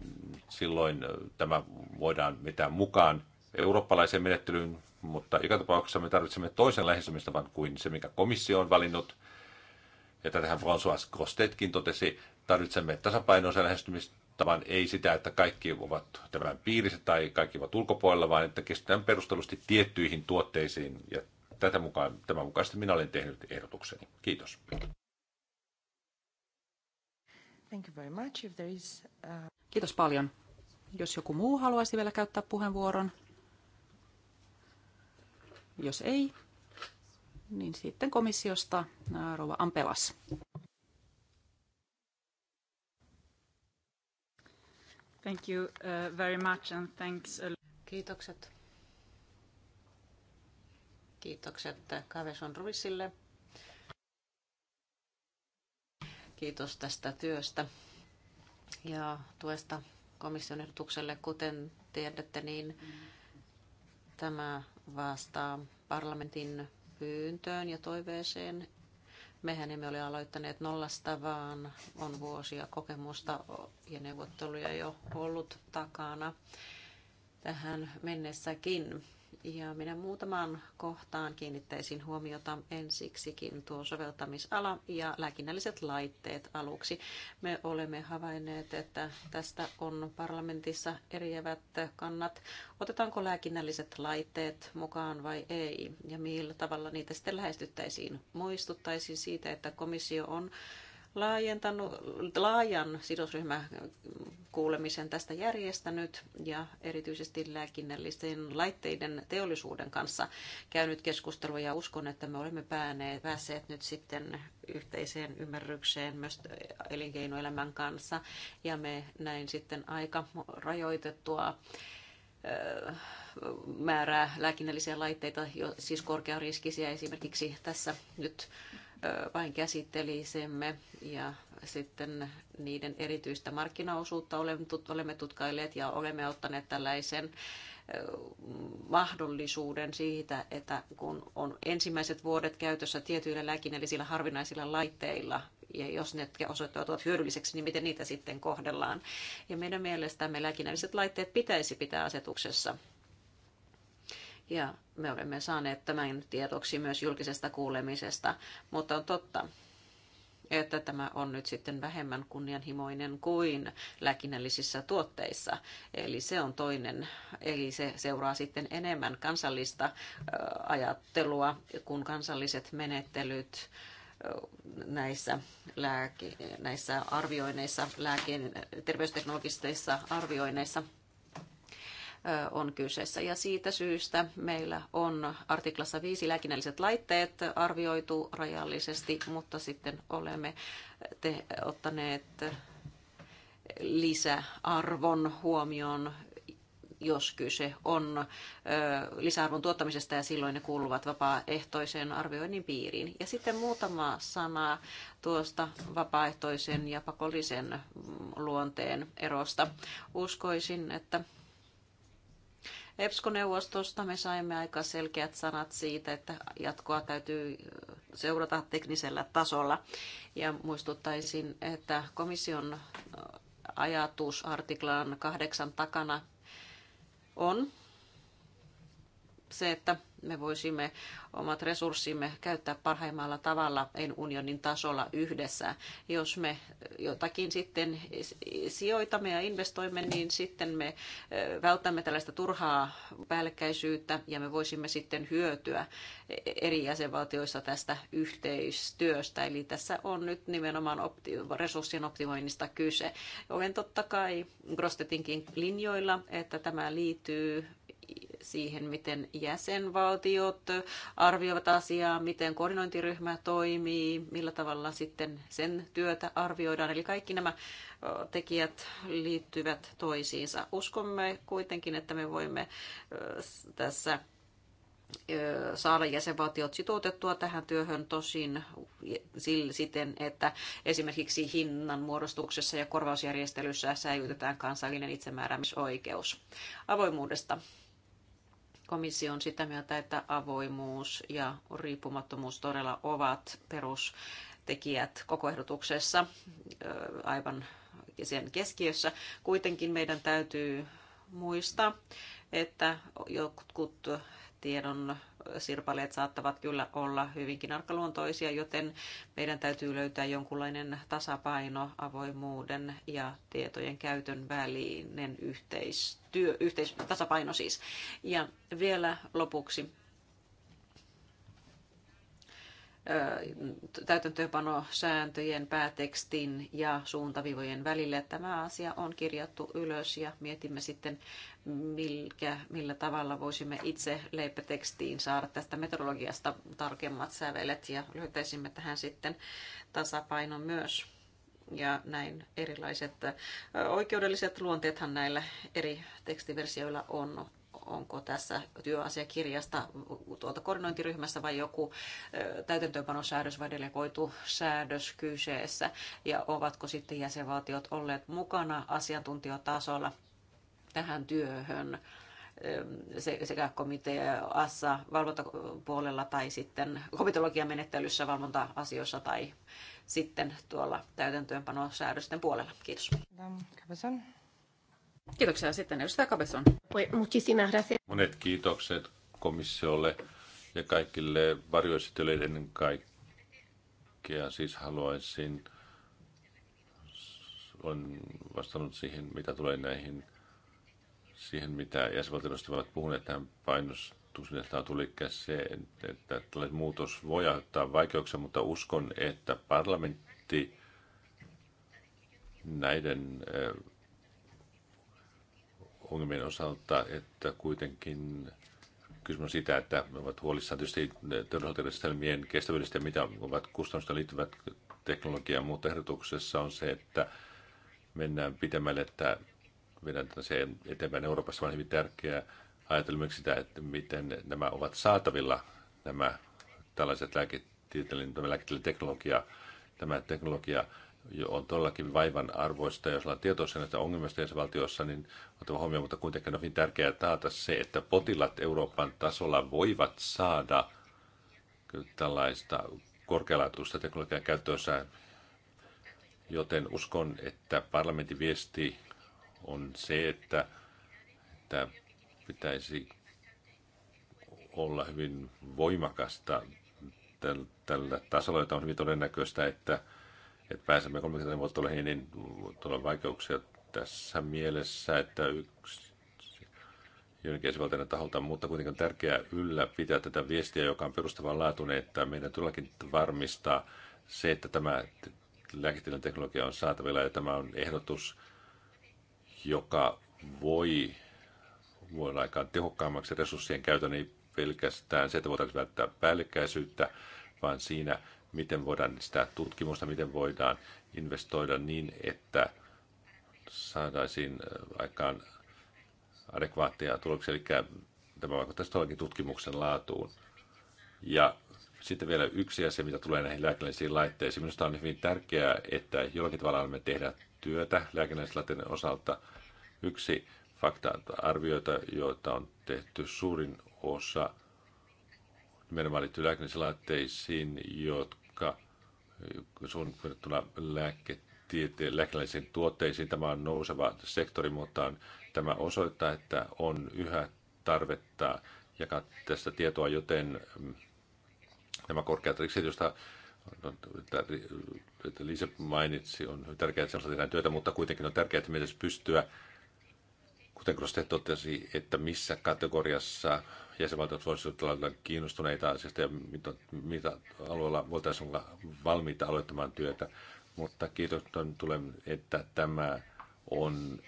silloin tämä voidaan vetää mukaan eurooppalaiseen menettelyyn, mutta joka tapauksessa me tarvitsemme toisen lähestymistavan kuin se, mikä komissio on valinnut. Ja tätähän François Grostetkin totesi, tarvitsemme tasapainoisen lähestymistavan, ei sitä, että kaikki ovat tämän piirissä tai kaikki ovat ulkopuolella, vaan että kestetään perustellusti tiettyihin tuotteisiin ja tätä mukaan, tämän mukaisesti minä olen tehnyt ehdotukseni. Kiitos. Thank you very much. If there is, uh... Kiitos paljon. Jos joku muu haluaisi vielä käyttää puheenvuoron. Jos ei, niin sitten komissiosta äh, Rova Ampelas. Thank you uh, very much and thanks. Kiitokset. Kiitokset Kaveson Ruisille Kiitos tästä työstä ja tuesta komission ehdotukselle. Kuten tiedätte, niin tämä vastaa parlamentin pyyntöön ja toiveeseen. Mehän emme ole aloittaneet nollasta, vaan on vuosia kokemusta ja neuvotteluja jo ollut takana tähän mennessäkin. Ja minä muutamaan kohtaan kiinnittäisin huomiota ensiksikin tuo soveltamisala ja lääkinnälliset laitteet aluksi. Me olemme havainneet, että tästä on parlamentissa eriävät kannat. Otetaanko lääkinnälliset laitteet mukaan vai ei ja millä tavalla niitä sitten lähestyttäisiin. Muistuttaisin siitä, että komissio on laajentanut, laajan kuulemisen tästä järjestänyt ja erityisesti lääkinnällisten laitteiden teollisuuden kanssa käynyt keskustelua ja uskon, että me olemme pääneet, päässeet nyt sitten yhteiseen ymmärrykseen myös elinkeinoelämän kanssa ja me näin sitten aika rajoitettua määrää lääkinnällisiä laitteita, siis korkeariskisiä esimerkiksi tässä nyt vain käsittelisimme ja sitten niiden erityistä markkinaosuutta olemme tutkailleet ja olemme ottaneet tällaisen mahdollisuuden siitä, että kun on ensimmäiset vuodet käytössä tietyillä lääkinnällisillä harvinaisilla laitteilla, ja jos ne osoittautuvat hyödylliseksi, niin miten niitä sitten kohdellaan. Ja meidän mielestämme lääkinnälliset laitteet pitäisi pitää asetuksessa ja me olemme saaneet tämän tiedoksi myös julkisesta kuulemisesta, mutta on totta, että tämä on nyt sitten vähemmän kunnianhimoinen kuin lääkinnällisissä tuotteissa. Eli se on toinen, eli se seuraa sitten enemmän kansallista ajattelua kuin kansalliset menettelyt näissä, lääke, näissä arvioineissa, lääke, terveysteknologisissa arvioineissa on kyseessä. Ja siitä syystä meillä on artiklassa viisi lääkinnälliset laitteet arvioitu rajallisesti, mutta sitten olemme te- ottaneet lisäarvon huomioon jos kyse on lisäarvon tuottamisesta ja silloin ne kuuluvat vapaaehtoiseen arvioinnin piiriin. Ja sitten muutama sana tuosta vapaaehtoisen ja pakollisen luonteen erosta. Uskoisin, että EPSCO-neuvostosta me saimme aika selkeät sanat siitä, että jatkoa täytyy seurata teknisellä tasolla. Ja muistuttaisin, että komission ajatus artiklan kahdeksan takana on se, että me voisimme omat resurssimme käyttää parhaimmalla tavalla unionin tasolla yhdessä. Jos me jotakin sitten sijoitamme ja investoimme, niin sitten me vältämme tällaista turhaa päällekkäisyyttä ja me voisimme sitten hyötyä eri jäsenvaltioissa tästä yhteistyöstä. Eli tässä on nyt nimenomaan opti- resurssien optimoinnista kyse. Olen totta kai Grostetinkin linjoilla, että tämä liittyy siihen, miten jäsenvaltiot arvioivat asiaa, miten koordinointiryhmä toimii, millä tavalla sitten sen työtä arvioidaan. Eli kaikki nämä tekijät liittyvät toisiinsa. Uskomme kuitenkin, että me voimme tässä saada jäsenvaltiot sitoutettua tähän työhön tosin siten, että esimerkiksi hinnan muodostuksessa ja korvausjärjestelyssä säilytetään kansallinen itsemääräämisoikeus. Avoimuudesta komissio on sitä mieltä, että avoimuus ja riippumattomuus todella ovat perustekijät koko ehdotuksessa aivan sen keskiössä. Kuitenkin meidän täytyy muistaa, että jotkut tiedon sirpaleet saattavat kyllä olla hyvinkin arkaluontoisia, joten meidän täytyy löytää jonkunlainen tasapaino avoimuuden ja tietojen käytön välinen yhteistyö, yhteis, tasapaino siis. Ja vielä lopuksi täytäntöönpanosääntöjen päätekstin ja suuntavivojen välille. Tämä asia on kirjattu ylös ja mietimme sitten, milkä, millä tavalla voisimme itse leipätekstiin saada tästä metodologiasta tarkemmat sävelet ja löytäisimme tähän sitten tasapainon myös ja näin erilaiset oikeudelliset luonteethan näillä eri tekstiversioilla on onko tässä työasiakirjasta tuolta koordinointiryhmässä vai joku täytäntöönpanosäädös vai delegoitu säädös kyseessä ja ovatko sitten jäsenvaltiot olleet mukana asiantuntijatasolla tähän työhön sekä komiteassa valvontapuolella tai sitten komitologiamenettelyssä valvonta-asioissa tai sitten tuolla täytäntöönpanosäädösten puolella. Kiitos. Kiitoksia sitten edustaja Cabezon. Monet kiitokset komissiolle ja kaikille varjoesittelijöille ennen kaikkea. Siis haluaisin, olen vastannut siihen, mitä tulee näihin, siihen mitä jäsenvaltioista ovat puhuneet tähän painostuksen, että tuli se, että tällainen muutos voi aiheuttaa vaikeuksia, mutta uskon, että parlamentti näiden eh, ongelmien osalta, että kuitenkin kysymys on sitä, että me ovat huolissaan tietysti terveysjärjestelmien kestävyydestä ja mitä ovat kustannusta liittyvät teknologiaan, mutta ehdotuksessa on se, että mennään pitemmälle, että viedään se eteenpäin Euroopassa, on hyvin tärkeää ajatella myös sitä, että miten nämä ovat saatavilla, nämä tällaiset lääketieteellinen, tämä lääketieteellinen teknologia, tämä teknologia on todellakin vaivan arvoista, jos ollaan tietoisia näistä ongelmista jäsenvaltioissa, niin otetaan huomioon, mutta kuitenkin on hyvin tärkeää taata se, että potilaat Euroopan tasolla voivat saada tällaista korkealaatuista teknologian käyttöönsä, joten uskon, että parlamentin viesti on se, että, että pitäisi olla hyvin voimakasta tällä tasolla, jota on hyvin todennäköistä, että että pääsemme 30 neuvotteluihin, niin tulee vaikeuksia tässä mielessä, että yksi jonkin esivaltainen taholta, mutta kuitenkin on tärkeää ylläpitää tätä viestiä, joka on perustavanlaatuinen, että meidän tuleekin varmistaa se, että tämä lääketieteellinen teknologia on saatavilla ja tämä on ehdotus, joka voi, voi olla aikaan tehokkaammaksi resurssien käytön, ei pelkästään se, että voitaisiin välttää päällekkäisyyttä, vaan siinä, miten voidaan sitä tutkimusta, miten voidaan investoida niin, että saataisiin äh, aikaan adekvaatteja tuloksia, eli tämä vaikuttaisi todellakin tutkimuksen laatuun. Ja sitten vielä yksi asia, mitä tulee näihin lääkinnällisiin laitteisiin. Minusta on hyvin tärkeää, että jollakin tavalla me tehdään työtä lääkinnällislaitteiden osalta. Yksi fakta arvioita, joita on tehty suurin osa nimenomaan liittyy lääkinnällisiin laitteisiin, jotka suunniteltuna lääketieteen, lääkinnällisiin tuotteisiin. Tämä on nouseva sektori, mutta tämä osoittaa, että on yhä tarvetta jakaa tästä tietoa, joten nämä korkeat riksit, joista Liisa mainitsi, on tärkeää, että sellaista tehdään työtä, mutta kuitenkin on tärkeää, että meidän pystyä, kuten Kroste totesi, että missä kategoriassa jäsenvaltiot voisivat olla kiinnostuneita asiasta ja mitä, mitä alueella voitaisiin olla valmiita aloittamaan työtä. Mutta kiitos että tämä on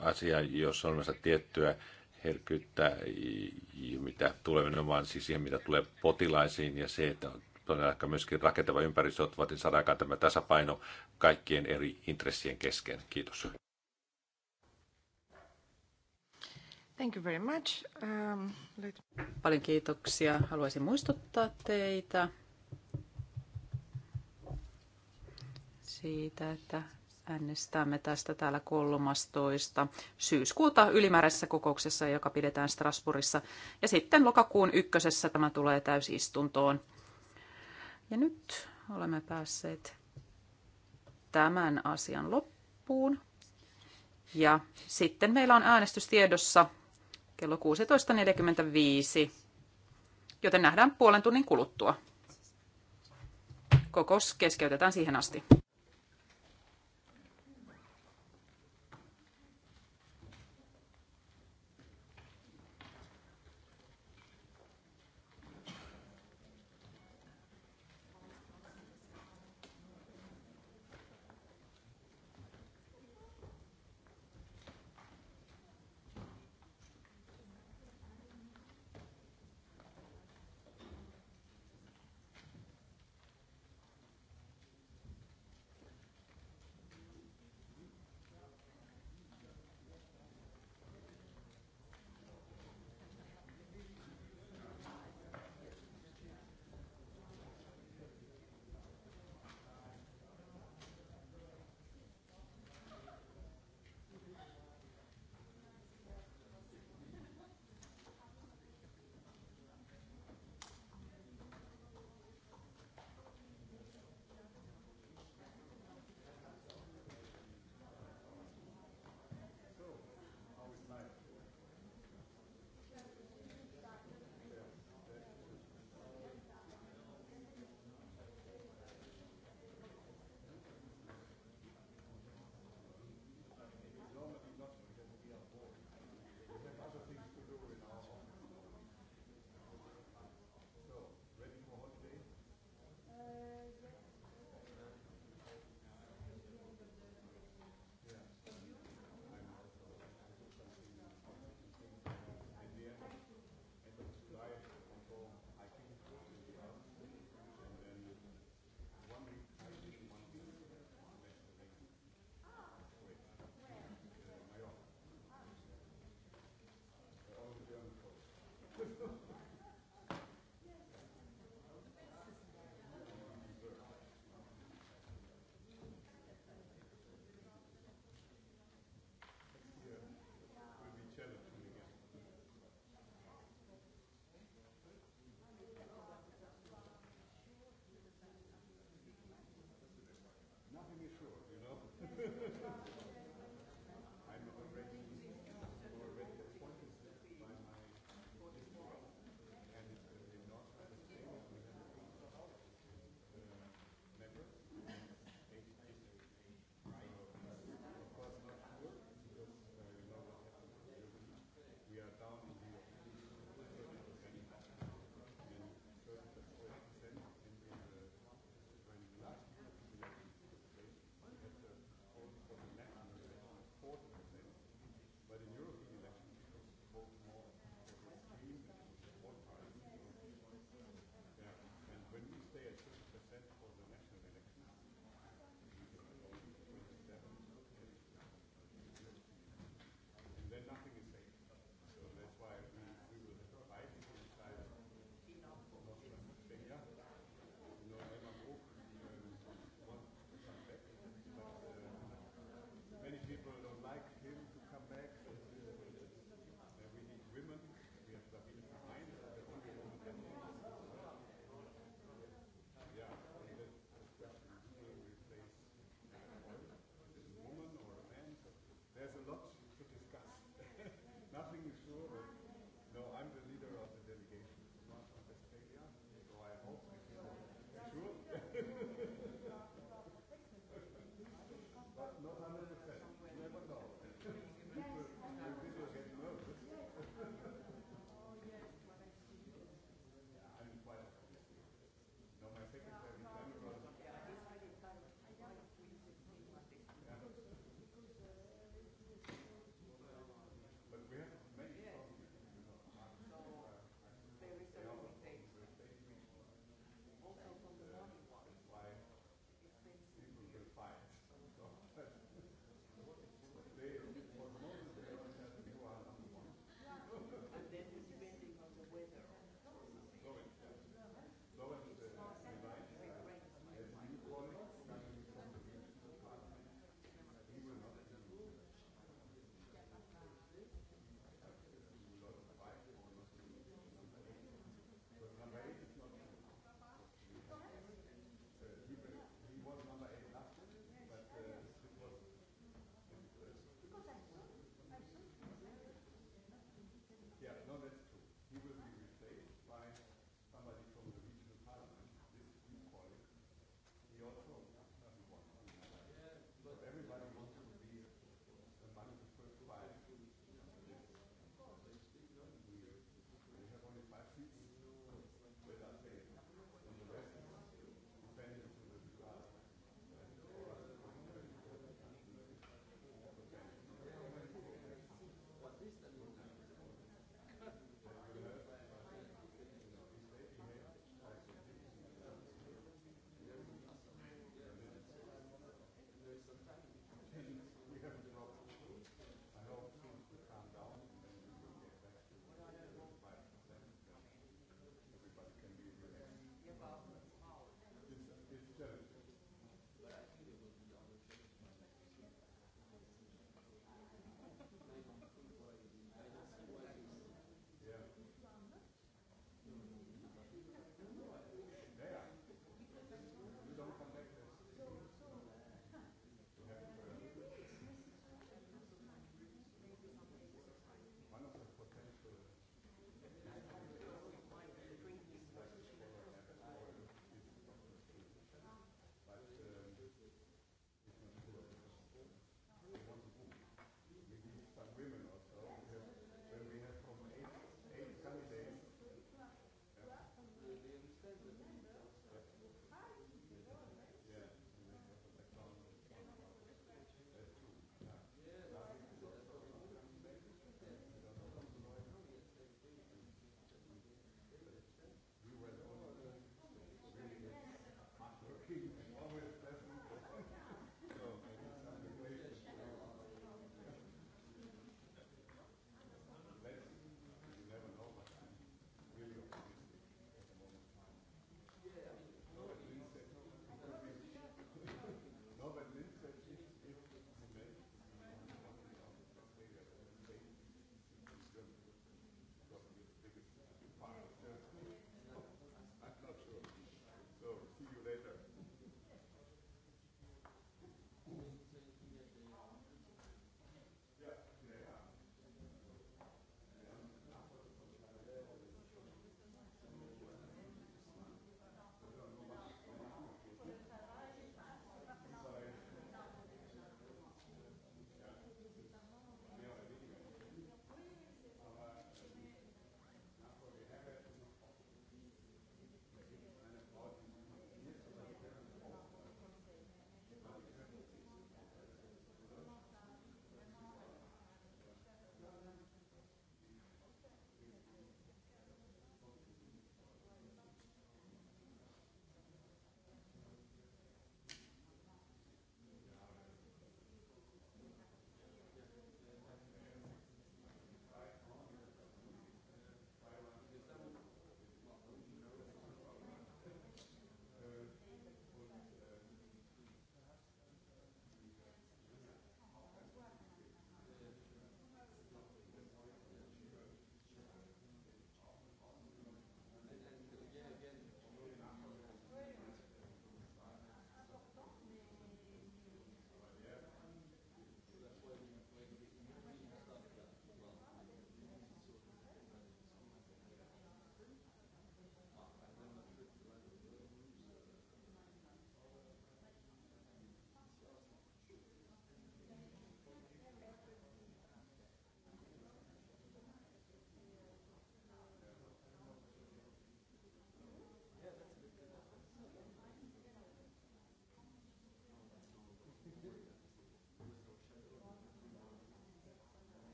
asia, jossa on olemassa tiettyä herkkyyttä, mitä tulee vaan siis siihen, mitä tulee potilaisiin ja se, että on ehkä myöskin rakentava ympäristö, että saadaan tämä tasapaino kaikkien eri intressien kesken. Kiitos. Thank you very much. Um, let... Paljon kiitoksia. Haluaisin muistuttaa teitä siitä, että äänestämme tästä täällä 13. syyskuuta ylimääräisessä kokouksessa, joka pidetään Strasbourgissa. Ja sitten lokakuun ykkösessä tämä tulee täysistuntoon. Ja nyt olemme päässeet tämän asian loppuun. Ja sitten meillä on äänestystiedossa kello 16.45, joten nähdään puolen tunnin kuluttua. Kokous keskeytetään siihen asti.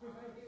Who's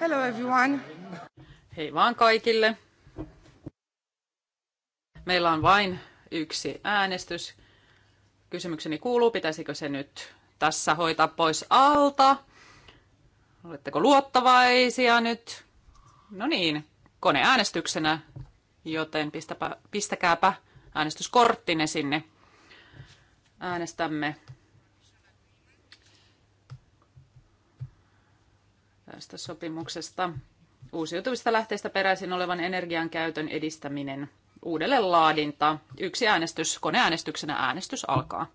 Hello everyone. Hei vaan kaikille. Meillä on vain yksi äänestys. Kysymykseni kuuluu, pitäisikö se nyt tässä hoitaa pois alta? Oletteko luottavaisia nyt? No niin, äänestyksenä, joten pistäpä, pistäkääpä äänestyskorttine sinne. Äänestämme tästä sopimuksesta. Uusiutuvista lähteistä peräisin olevan energian käytön edistäminen. Uudelle laadinta. Yksi äänestys. Koneäänestyksenä äänestys alkaa.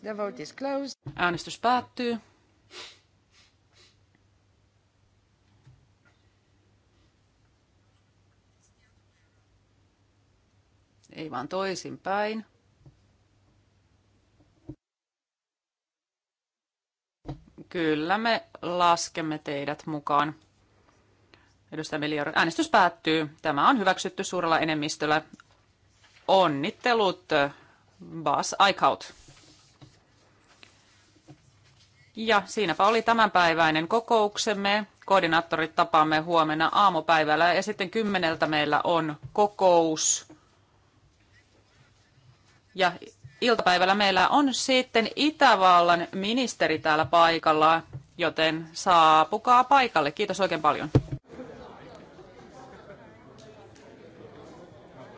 The vote is closed. Äänestys päättyy. Ei vaan toisinpäin. Kyllä me laskemme teidät mukaan. Edustaja Melior, äänestys päättyy. Tämä on hyväksytty suurella enemmistöllä. Onnittelut, Bas Aikaut. Ja siinäpä oli tämänpäiväinen kokouksemme. Koordinaattorit tapaamme huomenna aamupäivällä ja sitten kymmeneltä meillä on kokous. Ja iltapäivällä meillä on sitten Itävallan ministeri täällä paikalla, joten saapukaa paikalle. Kiitos oikein paljon.